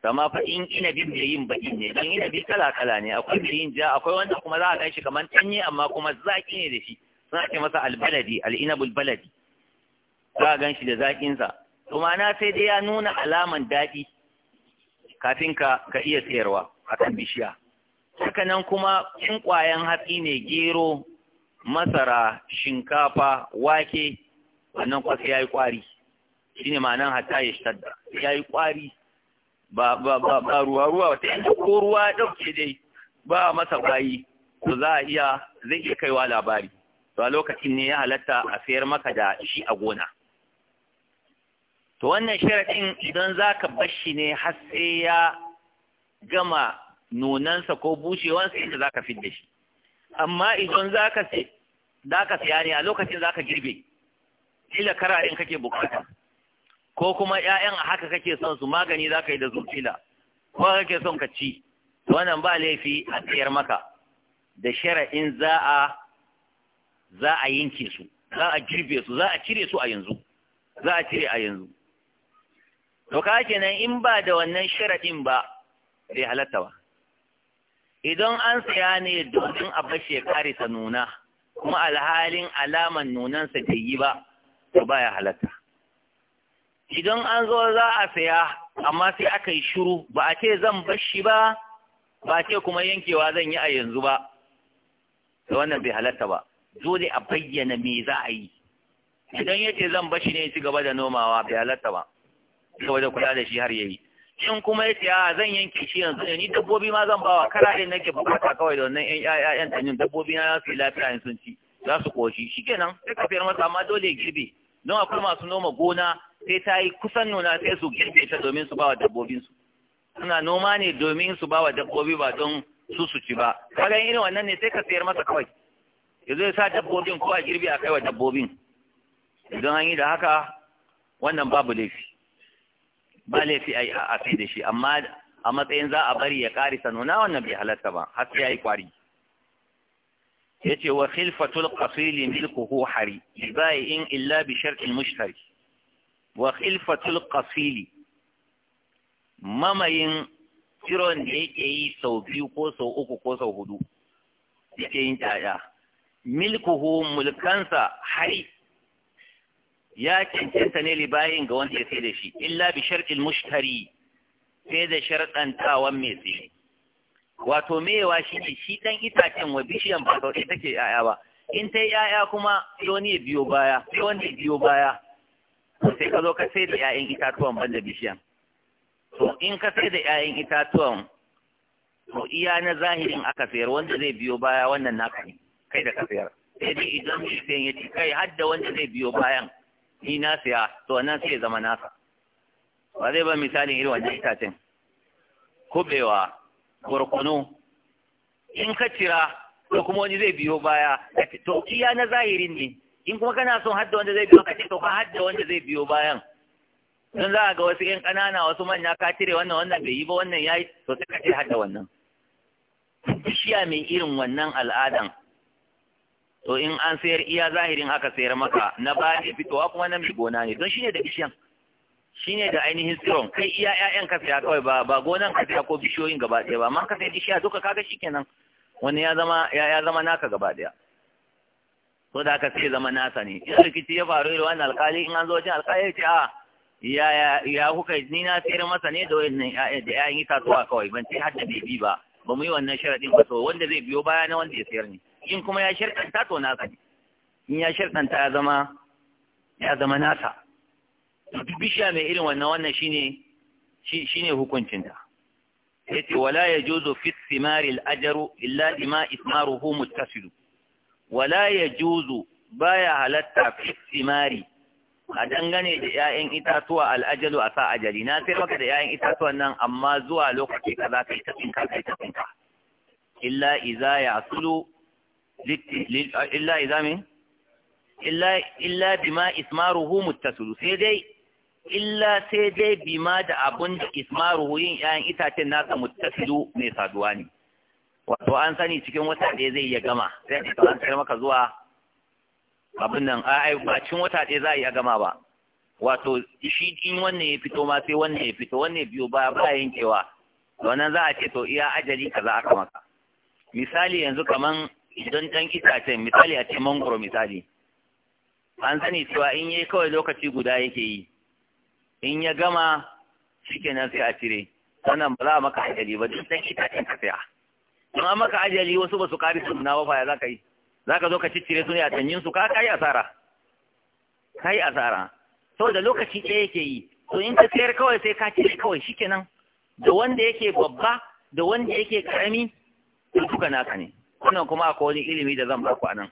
sama fa in inabin da yin baki ne dan inabi kala kala ne akwai da yin ja akwai wanda kuma za a ganshi kamar tanye amma kuma zaki ne da shi sun ake masa albaladi al'inabul baladi za a ganshi da zakin sa na sai dai ya nuna alaman daɗi kafin ka ka iya sayarwa akan bishiya haka nan kuma in kwayan hatsi ne gero masara shinkafa wake wannan kwasa ya yi ƙwari shine ma'anan hatta ya shadda ya yi ba ba ruwa ruwa wata yanzu ko ruwa ya dauke dai ba masa bayi to za a iya zai iya kaiwa labari to a lokacin ne ya halatta a sayar maka da shi a gona to wannan sharaɗin idan za ka bashi ne har sai ya gama nunansa ko bushewansa inda za ka fidda shi amma idan za ka siya ne a lokacin za ka girbe ila in kake bukata ko kuma 'ya'yan a haka kake son su magani za ka yi da zufila ko kake son ka ci wannan ba laifi a tsayar maka da shara'in za a za a yanke su za a girbe su za a cire su a yanzu za a cire a yanzu to ka kenan in ba da wannan shara'in ba bai halatta ba idan an saya ne domin a bashe karisa nuna kuma alhalin alaman nunansa bai yi ba to baya halatta idan an zo za a saya amma sai aka yi shiru ba a ce zan bashi ba ba ce kuma yankewa zan yi a yanzu ba da wannan bai halatta ba dole a bayyana me za a yi idan ya ce zan bashi ne ci gaba da nomawa bai halatta ba saboda kula da shi har yayi in kuma ya ce a zan yanke shi yanzu ne ni dabbobi ma zan bawa kara ne nake bukata kawai da wannan ƴaƴan tanin dabbobi na za su yi lafiya sun ci za su koshi shikenan sai ka fiyar masa amma dole ya girbe don akwai masu noma gona sai ta yi kusan nuna sai su girbe ta domin su ba wa dabbobinsu suna noma ne domin su ba wa dabbobi ba don su su ci ba kaga irin wannan ne sai ka sayar masa kawai ya zo ya sa dabbobin ko a girbi a kai wa dabbobin idan an yi da haka wannan babu laifi ba laifi a sai da shi amma a matsayin za a bari ya karisa nuna wannan bai halarta ba har sai ya yi kwari yace wa khilfatul qasili milkuhu hari in illa bi shartin mushtari wa khilfatul qasili mamayin kiron da yake yi sau biyu ko sau uku ko sau hudu yake yin ƴaƴa milkuhu mulkansa hari ya cancanta ne libayin ga wanda ya sai da shi illa bi shartil mushtari sai da sharɗantawan mai sai wato mewa shi ne shi ɗan itacen wa bishiyan ba kawai take yaya ba in ta yaya kuma yoni ya biyo baya sai wanda ya biyo baya sai ka zo ka sai da yayan itatuwan banda bishiyan to in ka sai da yayan itatuwan to iya na zahirin aka sayar wanda zai biyo baya wannan naka ne kai da ka sayar sai dai idan bishiyan ya ce kai har da wanda zai biyo bayan ni na siya to nan sai ya zama nasa ba zai ba misalin irin wannan itacen kubewa barkono in ka cira to kuma wani zai biyo baya to iya na zahirin ne in kuma kana son hadda wanda zai biyo ka ce to ka hadda wanda zai biyo bayan don za a ga wasu 'yan ƙanana wasu manya ka cire wannan wannan bai yi ba wannan ya yi to sai ka ce hadda wannan bishiya mai irin wannan al'adan to in an sayar iya zahirin aka sayar maka na baya fitowa kuma na mai gona ne don shi ne da bishiyan shine da ainihin tsiron kai iya ƴaƴan ka saya kawai ba ba gonan ka ko bishiyoyin gaba ɗaya ba amma ka saya bishiya duka kaga shikenan wani ya zama ya zama naka gaba ɗaya ko da aka ce zama nasa ne in rikici ya faru da wannan alkali in an zo wajen alkali ya ce ah, a ya ya kuka ni na sayar masa ne da wayannan ƴaƴan da ƴaƴan itatuwa kawai ban ce har da bebi ba ba mu yi wannan sharaɗin ba so wanda zai biyo baya na wanda ya sayar ne in kuma ya shirkanta to nasa ne in ya shirkanta ya zama ya zama nasa duk bishiya mai irin wannan wannan shine shine hukuncinta yace wala yajuzu fi thimari al-ajru illa bima ismaruhu muttasil wala yajuzu baya halatta fi thimari a dangane da 'ya'yan itatuwa al-ajalu a sa ajali na sai maka da 'ya'yan itatuwan nan amma zuwa lokaci kaza kai ta tsinka kai ta tsinka illa iza yasulu illa iza min illa illa bima ismaruhu muttasil sai dai illa sai dai bima da abun da ismaru yin ‘ya'yan itacen nasa mutasilu mai saduwa ne wato an sani cikin wata ɗaya zai iya gama sai ka an sayar maka zuwa abin nan ai ba cikin wata ɗaya za a iya gama ba wato shi in wannan ya fito ma sai wannan ya fito wannan biyu ba ba yankewa wannan za a ce to iya ajali ka za aka maka misali yanzu kaman idan ɗan itacen misali a ce mangoro misali an sani cewa in yi kawai lokaci guda yake yi in ya gama shikenan sai a cire sannan ba za a maka ajali ba duk dan itacen ka tsaya in an maka ajali wasu ba su su na ba ya za ka yi za ka zo ka ciccire su ne a canjin su ka kai asara kai asara saboda lokaci ɗaya yake yi to in ka sayar kawai sai ka cire kawai shikenan da wanda yake babba da wanda yake karami duka naka ne sannan kuma akwai wani ilimi da zan ba ku nan.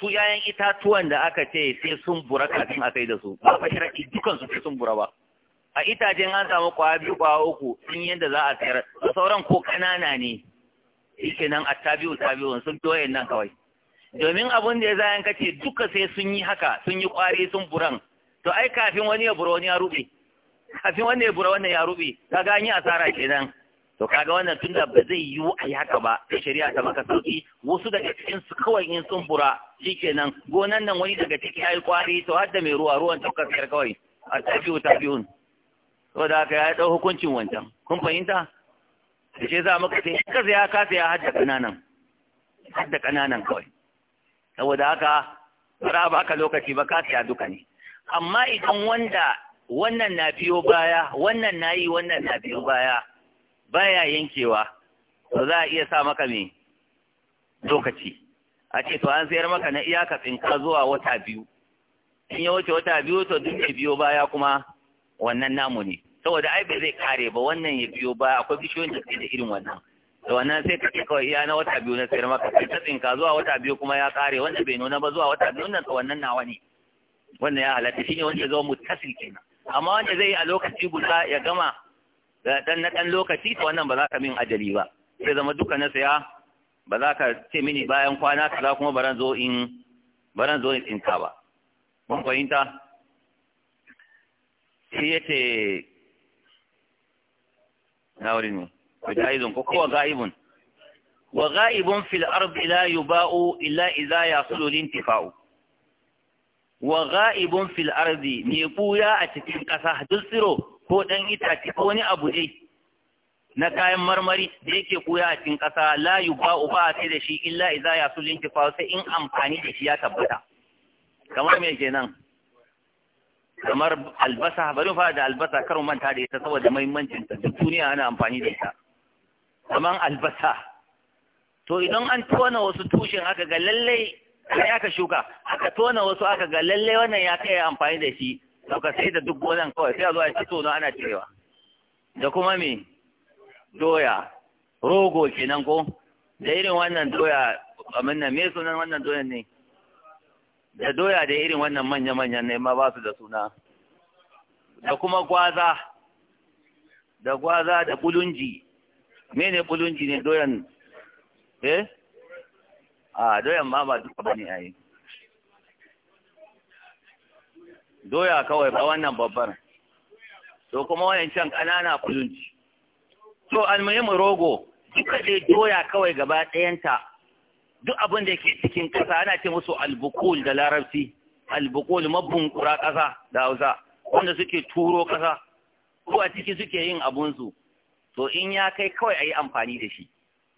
su ‘ya'yan itatuwan da aka ce sai sun bura kafin a kai da su ba fa sharaɗi dukan su sun bura ba a itajen an samu kwa biyu kwa uku sun yadda za a sayar da sauran ko ƙanana ne yake nan a tabi'u tabi'u sun doye nan kawai domin abin da ya yanka ce, duka sai sun yi haka sun yi kwari sun buran to ai kafin wani ya bura wani ya rube kafin wani ya bura wannan ya rube kaga gani asara kenan to kaga wannan tunda ba zai yiwu a haka ba sai shari'a ta maka sauki wasu daga cikin su kawai in sun bura shikenan gonan nan wani daga ciki yayi kwari to har da mai ruwa ruwan ta kasar kawai a tabiu tabiun to da ka ya dau hukuncin wancan kun fahimta sai za maka sai kaza ya kasa har hadda kananan hadda kananan kawai saboda haka ba baka lokaci ba ka tsaya duka ne amma idan wanda wannan na biyo baya wannan na yi wannan na biyo baya baya yankewa to za a iya sa maka me lokaci a ce to an sayar maka na iyaka tsinka zuwa wata biyu in ya wuce wata biyu to duk ya biyo baya kuma wannan namu ne saboda ai bai zai kare ba wannan ya biyo baya akwai bishiyoyin da da irin wannan da wannan sai ka ce kawai iya na wata biyu na sayar maka sai ta tsinka zuwa wata biyu kuma ya kare wanda bai nuna ba zuwa wata biyu nan to wannan nawa ne wannan ya halatta shine wanda ya zama mutasil kenan amma wanda zai yi a lokaci guda ya gama da dan na dan lokaci to wannan ba za ka min ajali ba sai zama duka na saya ba za ka ce mini bayan kwana kaza kuma baran zo in baran zo in tsinka ba mun fahimta shi yace na wuri ne ko jaizun ko kowa ga'ibun wa ga'ibun fil ardi la yuba'u illa idza yasulu lintifa'u wa ga'ibun fil ardi ne buya a cikin kasa duk tsiro ko ɗan itace ko wani abu dai na kayan marmari da yake koya a cikin ƙasa la yuba'u ba a sai da shi illa su linki fa sai in amfani da shi ya tabbata kamar me nan, kamar albasa bari fa da albasa kar manta da ita saboda muhimmancin ta duk duniya ana amfani da ita kamar albasa to idan an tona wasu tushen aka ga lallai ya aka shuka aka tona wasu aka ga lallai wannan ya kai amfani da shi Dauka sai da duk gonan kawai sai a zuwa a tono ana cirewa da kuma me doya rogo kenan ko da irin wannan doya amin nan me sunan wannan doyan ne da doya da irin wannan manya-manyan ne ma ba su da suna da kuma gwaza da gwaza da bulunji mene bulunji ne doyan eh a ah, doyan ma ba duka bane ayi. doya kawai ba wannan babbar to kuma can ƙanana kulunci to almuhim rogo duka dai doya kawai gaba ɗayanta duk abin da ke cikin ƙasa ana ce musu albukul da larabci albukul kura ƙasa da hausa wanda suke turo ƙasa ko a ciki suke yin abun su. to in ya kai kawai a yi amfani da shi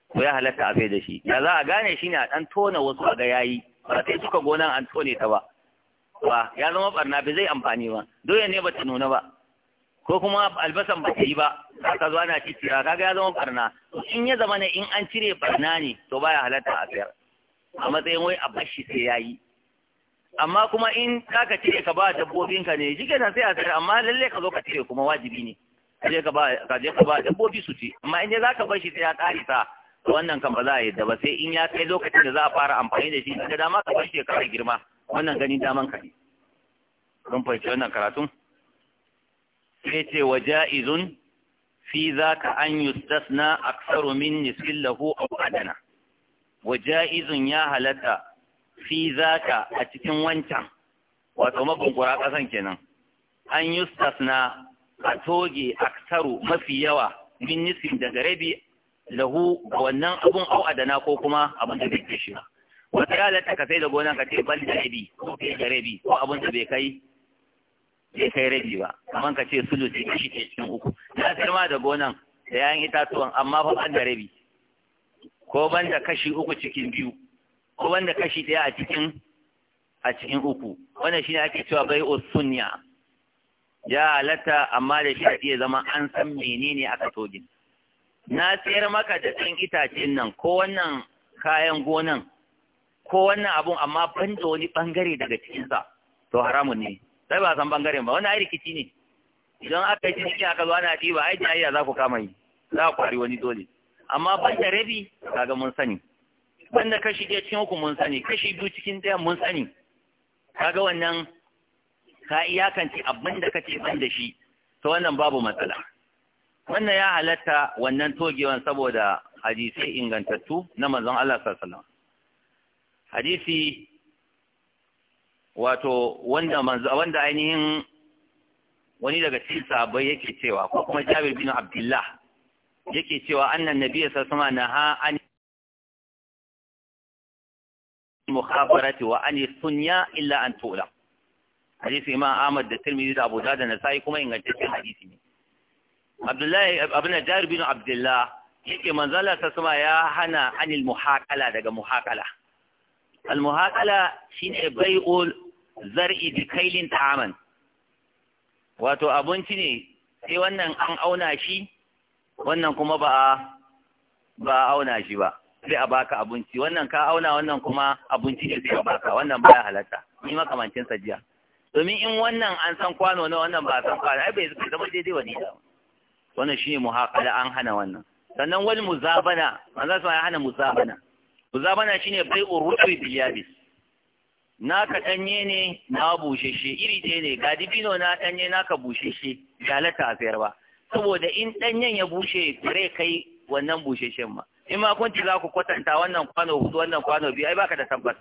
ko ya halatta a da shi ya za a gane shi ne a ɗan tona wasu a ga yayi ba sai suka gonan an tone ta ba ba ya zama barna bai zai amfani ba doya ne ba ta nuna ba ko kuma albasan ba ta yi ba haka zuwa na cicira kaga ya zama barna in ya zama ne in an cire barna ne to baya halatta a sayar a matsayin wai a bashi sai ya yi amma kuma in ka ka cire ka ba dabbobinka ne shi ke sai a sayar amma lalle ka zo ka cire kuma wajibi ne ka je ka ba dabbobi su ci amma in za ka bar shi sai ya ƙari sa wannan kan ba za a yi da ba sai in ya kai lokacin da za a fara amfani da shi da dama ka bar shi ya ƙara girma wannan gani daman ka ne don fahimci wannan karatun sai ce wa ja'izun fi ka an yustasna aktsaru min nisfin lahu a adana wa ja'izun ya halatta fi ka a cikin wancan wato mabunkura kasan kenan an yustasna a toge aktaru mafi yawa min nisfin daga rabi lahu wannan abun au adana ko kuma abin da bai shi ba wata ya halatta ka sai da gonan ka ce ban da rabi ko ke da rabi ko abin da bai kai bai kai rabi ba kaman ka ce sulusi kashi ke cikin uku ta sirma da gonan da yayan itatuwan amma fa ban da rabi ko ban da kashi uku cikin biyu ko ban da kashi ɗaya a cikin a cikin uku wannan shine ake cewa bai usunya ya halatta amma da shi iya zama an san menene aka togin na tsayar maka da ɗan itacen nan ko wannan kayan gonan ko wannan abun amma ban da wani bangare daga cikinsa to haramun ne sai ba san bangaren ba wannan rikici ne idan aka yi ciniki aka zo ana ɗiba ai jayayya za ku kama yi za ku kwari wani dole amma ban da rabi kaga mun sani ban da kashi ɗaya cikin uku mun sani kashi biyu cikin ɗaya mun sani kaga wannan ka iyakance abin da kace ban da shi to wannan babu matsala wannan ya halatta wannan togewan saboda hadisai ingantattu na manzon Allah sallallahu alaihi wasallam hadisi wato wanda manzo wanda ainihin wani daga cikin sahabbai yake cewa ko kuma Jabir bin Abdullah yake cewa annan nabiyyi sallallahu alaihi wasallam naha an mukhabarati wa an sunya illa an tula hadisi imam Ahmad da Tirmidhi da Abu Dawud da Nasa'i kuma ingantaccen hadisi ne Abdullahi ibn Jabir bin Abdullah yake manzo Allah sallallahu alaihi wasallam ya hana anil muhaqala daga muhaqala ne bai bai'ul zar'i da kailin ta'aman wato abinci ne sai wannan an auna shi wannan kuma ba a ba auna shi ba sai a baka abinci wannan ka auna wannan kuma abinci ne sai a baka wannan baya halatta ni makamancin sajiya domin in wannan an san kwano na wannan ba a san kwano ai bai zama daidai wani da wannan shine muhaqala an hana wannan sannan wal muzabana manzo ma ya hana muzabana shi shine bai urrubi bil Na ka ɗanye ne na busheshe iri ɗaya ne ga dibino na ɗanye na ka busheshe ga lata a sayar ba saboda in ɗanyen ya bushe bare kai wannan busheshen ma in ma kun ci za ku kwatanta wannan kwano hudu wannan kwano biyu ai baka da tabbas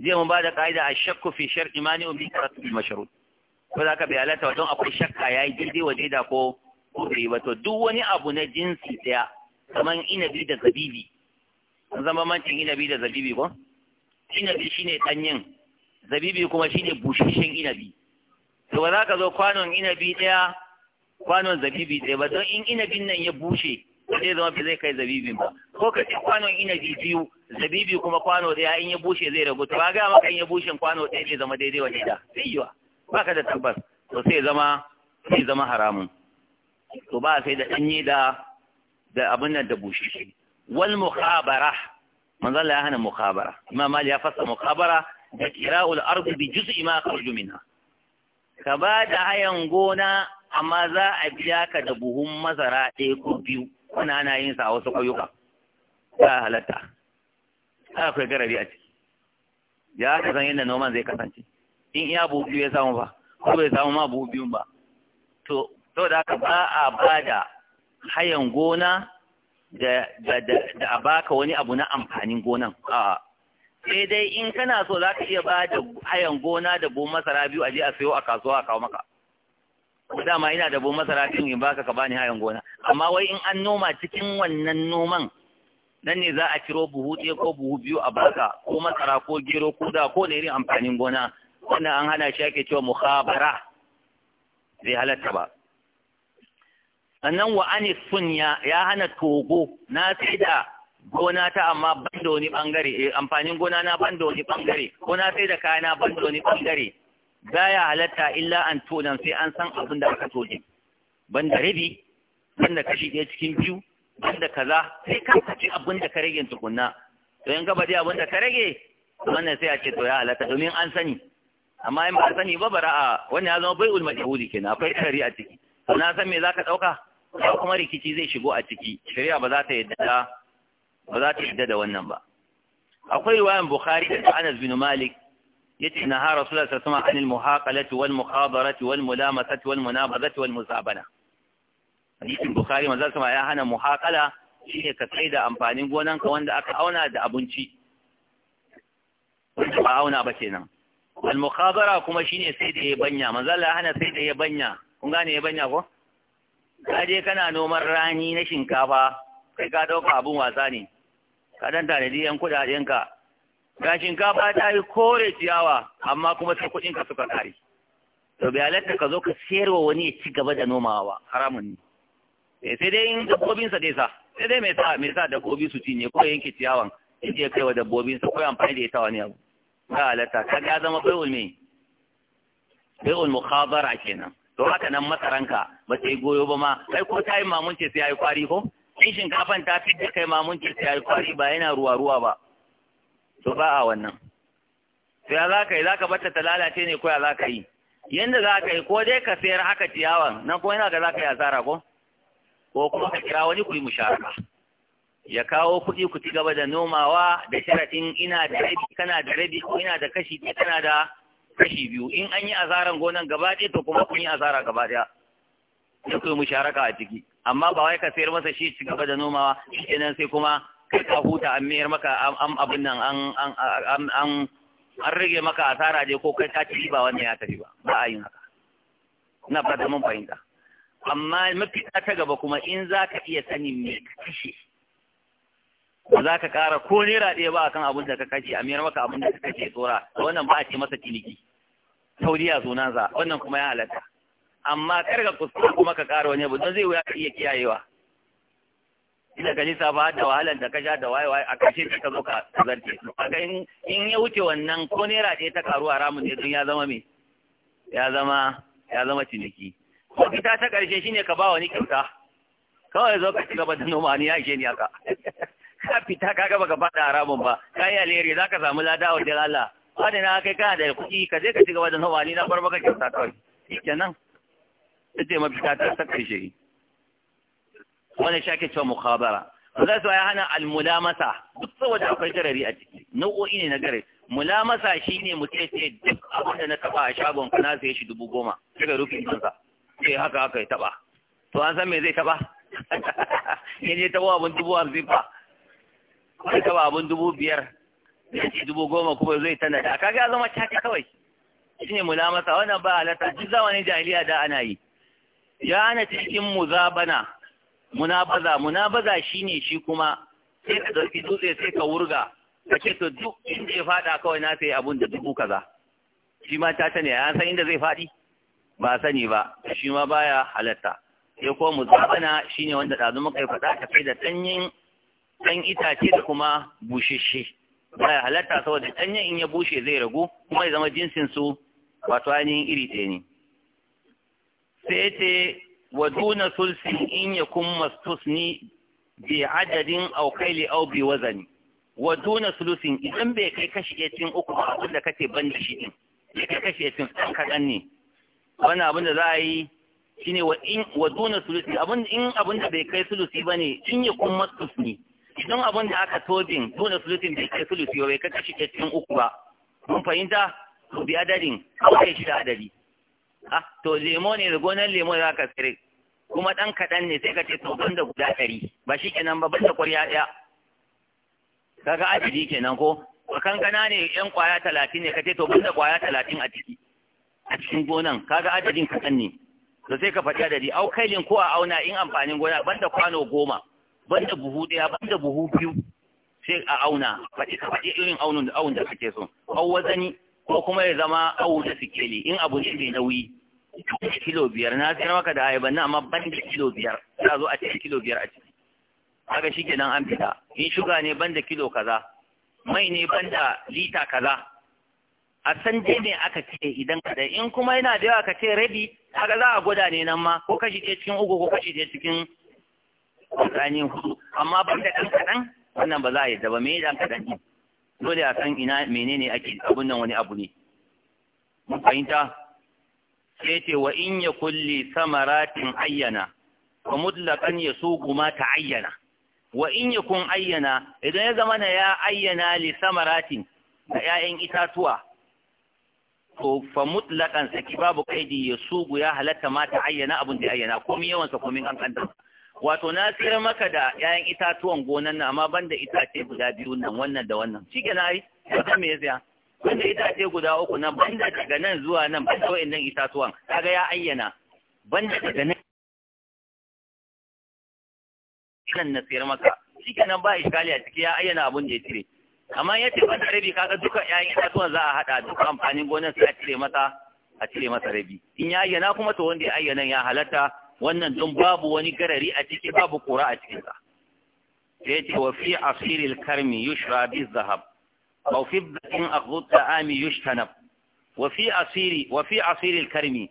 zai mun ba da ka'ida a shakku fi shar imani umbi rasu bi mashrut ko za ka bi alata don akwai shakka ya yi daidai wa daida ko ko bai ba to duk wani abu na jinsi ɗaya, kamar inabi da zabibi an zama mancin inabi da zabibi ko inabi shine danyen zabibi kuma shine busheshen inabi to ba za ka zo kwanon inabi daya kwanon zabibi daya ba don in inabin nan ya bushe zai zama ba zai kai zabibin ba ko ka ce kwanon inabi biyu zabibi kuma kwano daya in ya bushe zai ragu to ba ga maka in ya bushe kwano daya zai zama daidai wani da sai yiwa ka da tabbas to sai zama sai zama haramun to ba sai da danye da da abin nan da bushe wal mukhabara manzo Allah ya hana mukhabara imam mali ya fasa mukhabara da kira'ul ardi bi juz'i ma kharju minha ka ba da hayan gona amma za a biya ka da buhun masara ɗaya ko biyu wani ana yin sa a wasu ƙauyuka ta halatta akwai garabi a ciki ya ka san yadda noman zai kasance in iya buhu biyu ya samu ba ko bai samu ma buhu biyun ba to to da haka ba a ba da hayan gona da a baka wani abu na amfanin gonan a sai dai in kana so za ka iya ba da hayan gona da bu masara biyu a je a sayo a kasuwa a kawo maka dama ina da bu masara biyu in baka ka bani hayan gona amma wai in an noma cikin wannan noman nan ne za a ciro buhu ɗaya ko buhu biyu a baka ko masara ko gero ko da ko na irin amfanin gona wannan an hana shi ake cewa muhabara bai halatta ba sannan wa anisun ya hana togo na sai da gona ta amma ban da wani bangare eh, amfanin gona na ban da wani bangare ko na sai da kaya na ban da wani bangare baya halatta illa an tonan sai an san abin da aka toje ban da rabi ban da kashi ɗaya cikin biyu ban da kaza sai ka kaci abin da ka rage tukunna to in gaba dai abin da ka rage wannan sai a ce to ya halatta domin an sani amma in ba sani ba bara a wannan ya zama bai'ul majhuli kenan akwai kari a ciki na san me zaka dauka da kuma rikici zai shigo a ciki shari'a ba za ta yadda ba za ta yadda da wannan ba akwai riwayan bukhari da anas bin malik yace na har rasulullah sallallahu alaihi wasallam anil muhaqalati wal muqadarati wal mulamasati wal munabazati wal musabana hadisin bukhari manzo sama ya hana muhaqala shine ka tsaida da amfanin gonanka wanda aka auna da abinci ba auna ba kenan al muqadara kuma shine sai da yabanya manzo Allah ya hana sai da yabanya kun gane yabanya ko ka je kana noman rani na shinkafa kai ka ɗauka abin wasa ne ka dan tanadi yan ka ga shinkafa ta yi kore ciyawa amma kuma sai ka suka kare to bai halatta ka zo ka sayarwa wani ya ci gaba da nomawa haramun ne eh, sai dai in dabbobinsa dai sa sai dai mai sa mai sa dabbobi su cinye ko yanke ciyawan in ya kai wa dabbobinsa ko amfani da ita wani abu ta halatta ka ga zama bai'ul me bai'ul mukhadara kenan to haka nan masaranka ba ta yi goyo ba ma kai ko ta yi mamun sai ya yi kwari ko in shinkafan ta fi kai mamun sai ya yi kwari ba yana ruwa ruwa ba to ba a wannan to ya za ka yi za ka bata ta lalace ne ko ya za ka yi yanda za ka yi ko dai ka sayar haka ciyawan nan ko yana ga za ka yi asara ko ko kuma ka kira wani ku yi musharaka ya kawo kuɗi ku ci gaba da nomawa da sharaɗin ina da rabi kana da rabi ko ina da kashi ɗaya kana da kashi biyu in an yi asaran gonan gaba ɗaya to kuma kun yi asara gaba ɗaya da mu sharaka a ciki amma ba wai ka sayar masa shi ci gaba da nomawa nan sai kuma kai ka huta an mayar maka an abin nan an an an an rage maka asara dai ko kai ka ci ba wannan ya tafi ba ba a yin haka ina fata mun fahimta amma mafita ta gaba kuma in za ka iya sanin me ka kashe ba za ka ƙara ko naira ɗaya ba akan abin da ka kashe a miyar maka abin da ka kashe tsora wannan ba a ce masa ciniki tauriya sunansa wannan kuma ya halatta amma kar ka kuskura kuma ka ƙara wani abu don zai wuya ka iya kiyayewa ina ka nisa ba da wahalar da ka sha da waye waye a kashe ta zo ka zarce kaga in in ya wuce wannan ko nera ce ta karuwa ramu ne don ya zama me ya zama ya zama ciniki ko kita ta karshe shine ka ba wani kyauta kawai zo ka cigaba da noma ni ya ishe ni haka ka fita kaga baka fada haramun ba kai alheri zaka samu lada wa Allah wani na kai kana da kuɗi ka je ka shiga gaba da nawa na bar maka kyauta kawai kenan ta ce mafita ta ta shiri. wani shake cewa mukhabara za su ya hana almulamasa duk saboda akwai garari a ciki nau'o'i ne na gare mulamasa shine mu ce duk abin da na taba a shagon ka na sai shi dubu goma daga rufin kansa sai eh, haka haka ya taba to an san me zai taba ya ne taɓa abin dubu hamsin fa ya taba abin dubu biyar ya dubu goma kuma zai tana da kaga ya zama caca kawai shi ne mulamasa wannan ba halatta duk zamanin jahiliya da ana yi ya ana cikin muzabana munabaza munabaza shine shi kuma sai ka dauki dutse sai ka wurga ka ce to duk inda ya fada kawai na sai abun da dubu kaza shi ma ta tane ya san inda zai fadi ba sani ba shi ma baya halatta sai ko muzabana shine wanda dazu muka yi fada ka sai da danyen dan itace da kuma busheshe baya halatta saboda ɗanyen in ya bushe zai ragu kuma ya zama jinsin su wato ainihin iri ɗaya ne sai ce wa duna sulsin in ya kun ni bi adadin aukaili au bi wazani wa duna sulusin idan bai kai kashi ɗaya cin uku ba abin da kace ban da shi ɗin ya kai kashi ɗaya cin ɗan kaɗan ne wannan abin da za a yi shine wa wa duna sulusi abin in abin da bai kai sulusi ne in ya kun mastusni idan abin da aka tobin dole sulutin da ke sulutu yau ka shi cikin uku ba mun fahimta to bi adadin kawai shi da adadi ah to lemo ne da gonar lemo za ka tsire kuma ɗan kaɗan ne sai ka ce to da guda ɗari ba shi kenan ba banda ƙwarya ɗaya kaga adadi kenan ko kankana ne yan ƙwaya talatin ne ka ce to da ƙwaya talatin a ciki a cikin gonan kaga adadin kaɗan ne to sai ka faɗi adadi aukailin ko a auna in amfanin gona banda kwano goma banda buhu ɗaya banda buhu biyu sai a auna faɗi ka faɗi irin aunin da aunin da kake so ko wazani ko kuma ya zama au da sikeli in abu ne mai nauyi kilo biyar na sayar maka da ayaba na amma banda kilo biyar za zo a ce kilo biyar a ciki kaga shikenan an fita in shuga ne banda kilo kaza mai ne banda lita kaza a san dai me aka ce idan kada in kuma yana da yawa ka ce rabi kaga za a gwada ne nan ma ko kashi ce cikin uku ko kashi ce cikin tsakanin hudu amma ban da ɗan kaɗan wannan ba za a yi ba me ɗan kaɗan ne dole a san ina menene ake abun nan wani abu ne fahimta sai ce wa in ya kulli samaratin ayyana wa mutlaqan kuma ta ayyana. wa in ya kun ayyana idan ya zama na ya ayyana li samaratin da 'ya'yan itatuwa to fa mutlaqan saki babu kaidi ya su ya halatta ma ta ayyana abun da ayyana komai yawan sa komai kankantar wato na tsira maka da 'ya'yan itatuwan gonan nan amma banda itace guda biyu nan wannan da wannan shi ke nari wata me yasa banda itace guda uku nan banda daga nan zuwa nan kawai nan itatuwan kaga ya ayyana banda daga nan nan na tsira maka shi ke nan ba iskali a ciki ya ayyana abun da ya cire amma ya ce banda rabi kaga duka 'ya'yan itatuwan za a haɗa duka amfanin gonan sai a cire masa a cire masa rabi in ya ayyana kuma to wanda ya ayyana ya halatta wannan don babu wani garari a ciki babu kura a cikinsa sai ya ce wa fi asiril karmi yushra bi zahab aw fi dhatin aghutta ami yushtanab wa fi asiri wa fi asiril karmi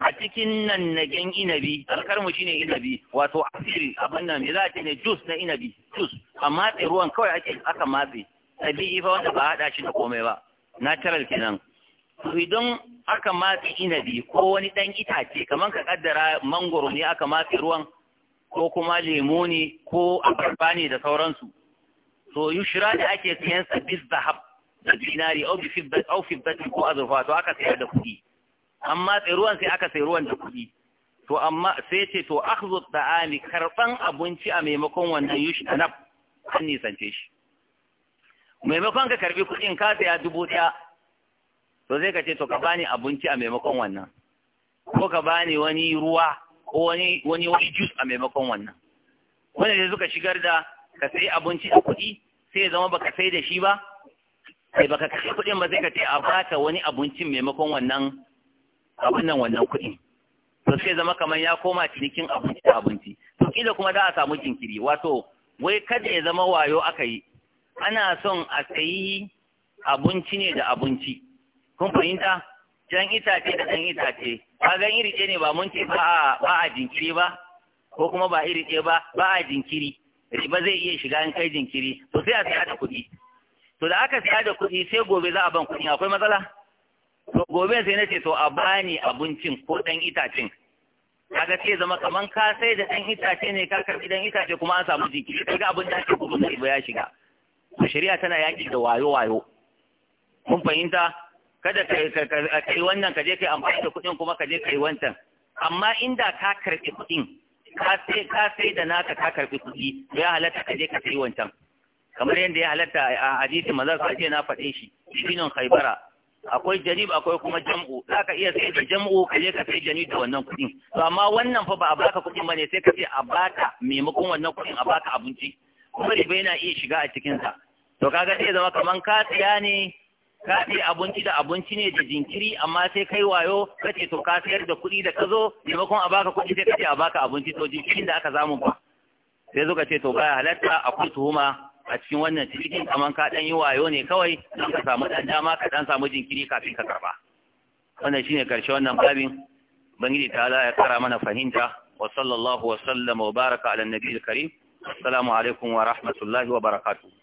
a cikin nan na gen inabi alkarmu shine inabi wato asiri abin nan za ta ne jus na inabi jus amma ruwan kawai ake aka matse tabi'i ifa wanda ba hada shi da komai ba natural kenan idan aka matse inabi ko wani ɗan itace kamar ka ƙaddara mangoro ne aka matse ruwan ko kuma lemo ne ko abarba ne da sauransu to shira da ake siyan sabis da zahab da dinari au fibbat ko azurfa to aka sayar da kuɗi amma sai ruwan sai aka sayi ruwan da kuɗi to amma sai ce to akhdhu da'ami karban abinci a maimakon wannan anab, an nisance shi maimakon ka karbi kuɗin ka saya dubu ɗaya to zai ka ce to ka bani abinci a maimakon wannan ko ka bani wani ruwa ko wani wani wani juice a maimakon wannan wanda sai suka shigar da ka sai abinci a kuɗi sai ya zama baka sai da shi ba sai baka kashe kuɗin ba sai ka ce a bata wani abincin maimakon wannan abin nan wannan kuɗin to sai zama kamar ya koma cinikin abinci da abinci to kila kuma za a samu jinkiri wato wai kada ya zama wayo aka yi ana son a sayi abinci ne da abinci kun fahimta jan itace da jan itace gan iri ce ne ba mun ce ba a jinkiri ba ko kuma ba iri ce ba ba a jinkiri riba zai iya shiga in kai jinkiri to sai a saya da kuɗi to da aka saya da kuɗi sai gobe za a ban kuɗi akwai matsala to gobe sai na ce to a bani abincin ko ɗan itacen kaga sai zama kaman ka sai da ɗan itace ne ka karbi ɗan itace kuma an samu jinkiri kaga abin da ake gudu riba ya shiga to shari'a tana yaki da wayo wayo mun fahimta kada ka yi wannan ka je ka yi amfani da kuɗin kuma ka je ka yi wancan amma inda ka karɓi kuɗin ka sai da naka ka karɓi kuɗi ya halatta ka je ka kai wancan kamar yadda ya halatta a hadisi maza su ce na faɗe shi shinin haibara akwai janib akwai kuma jam'u za ka iya sai da jam'u ka je ka sai janib da wannan kuɗin to amma wannan fa ba a baka kuɗin ba ne sai ka ce a baka maimakon wannan kuɗin a baka abinci kuma riba yana iya shiga a cikinsa to kaga sai zama kaman ka siya ne ka abinci da abinci ne da jinkiri amma sai kai wayo ka to ka sayar da kuɗi da ka zo maimakon a baka kuɗi sai ka a baka abinci to jinkirin da aka samu ba sai zo kace to baya halatta akwai tuhuma a cikin wannan cikin kamar ka ɗan yi wayo ne kawai don ka samu ɗan dama ka ɗan samu jinkiri kafin ka karɓa wannan shine karshe wannan babin bangiji ta ya kara mana fahimta wa sallallahu wa sallama wa baraka ala nabiyil karim assalamu alaikum wa rahmatullahi wa barakatuh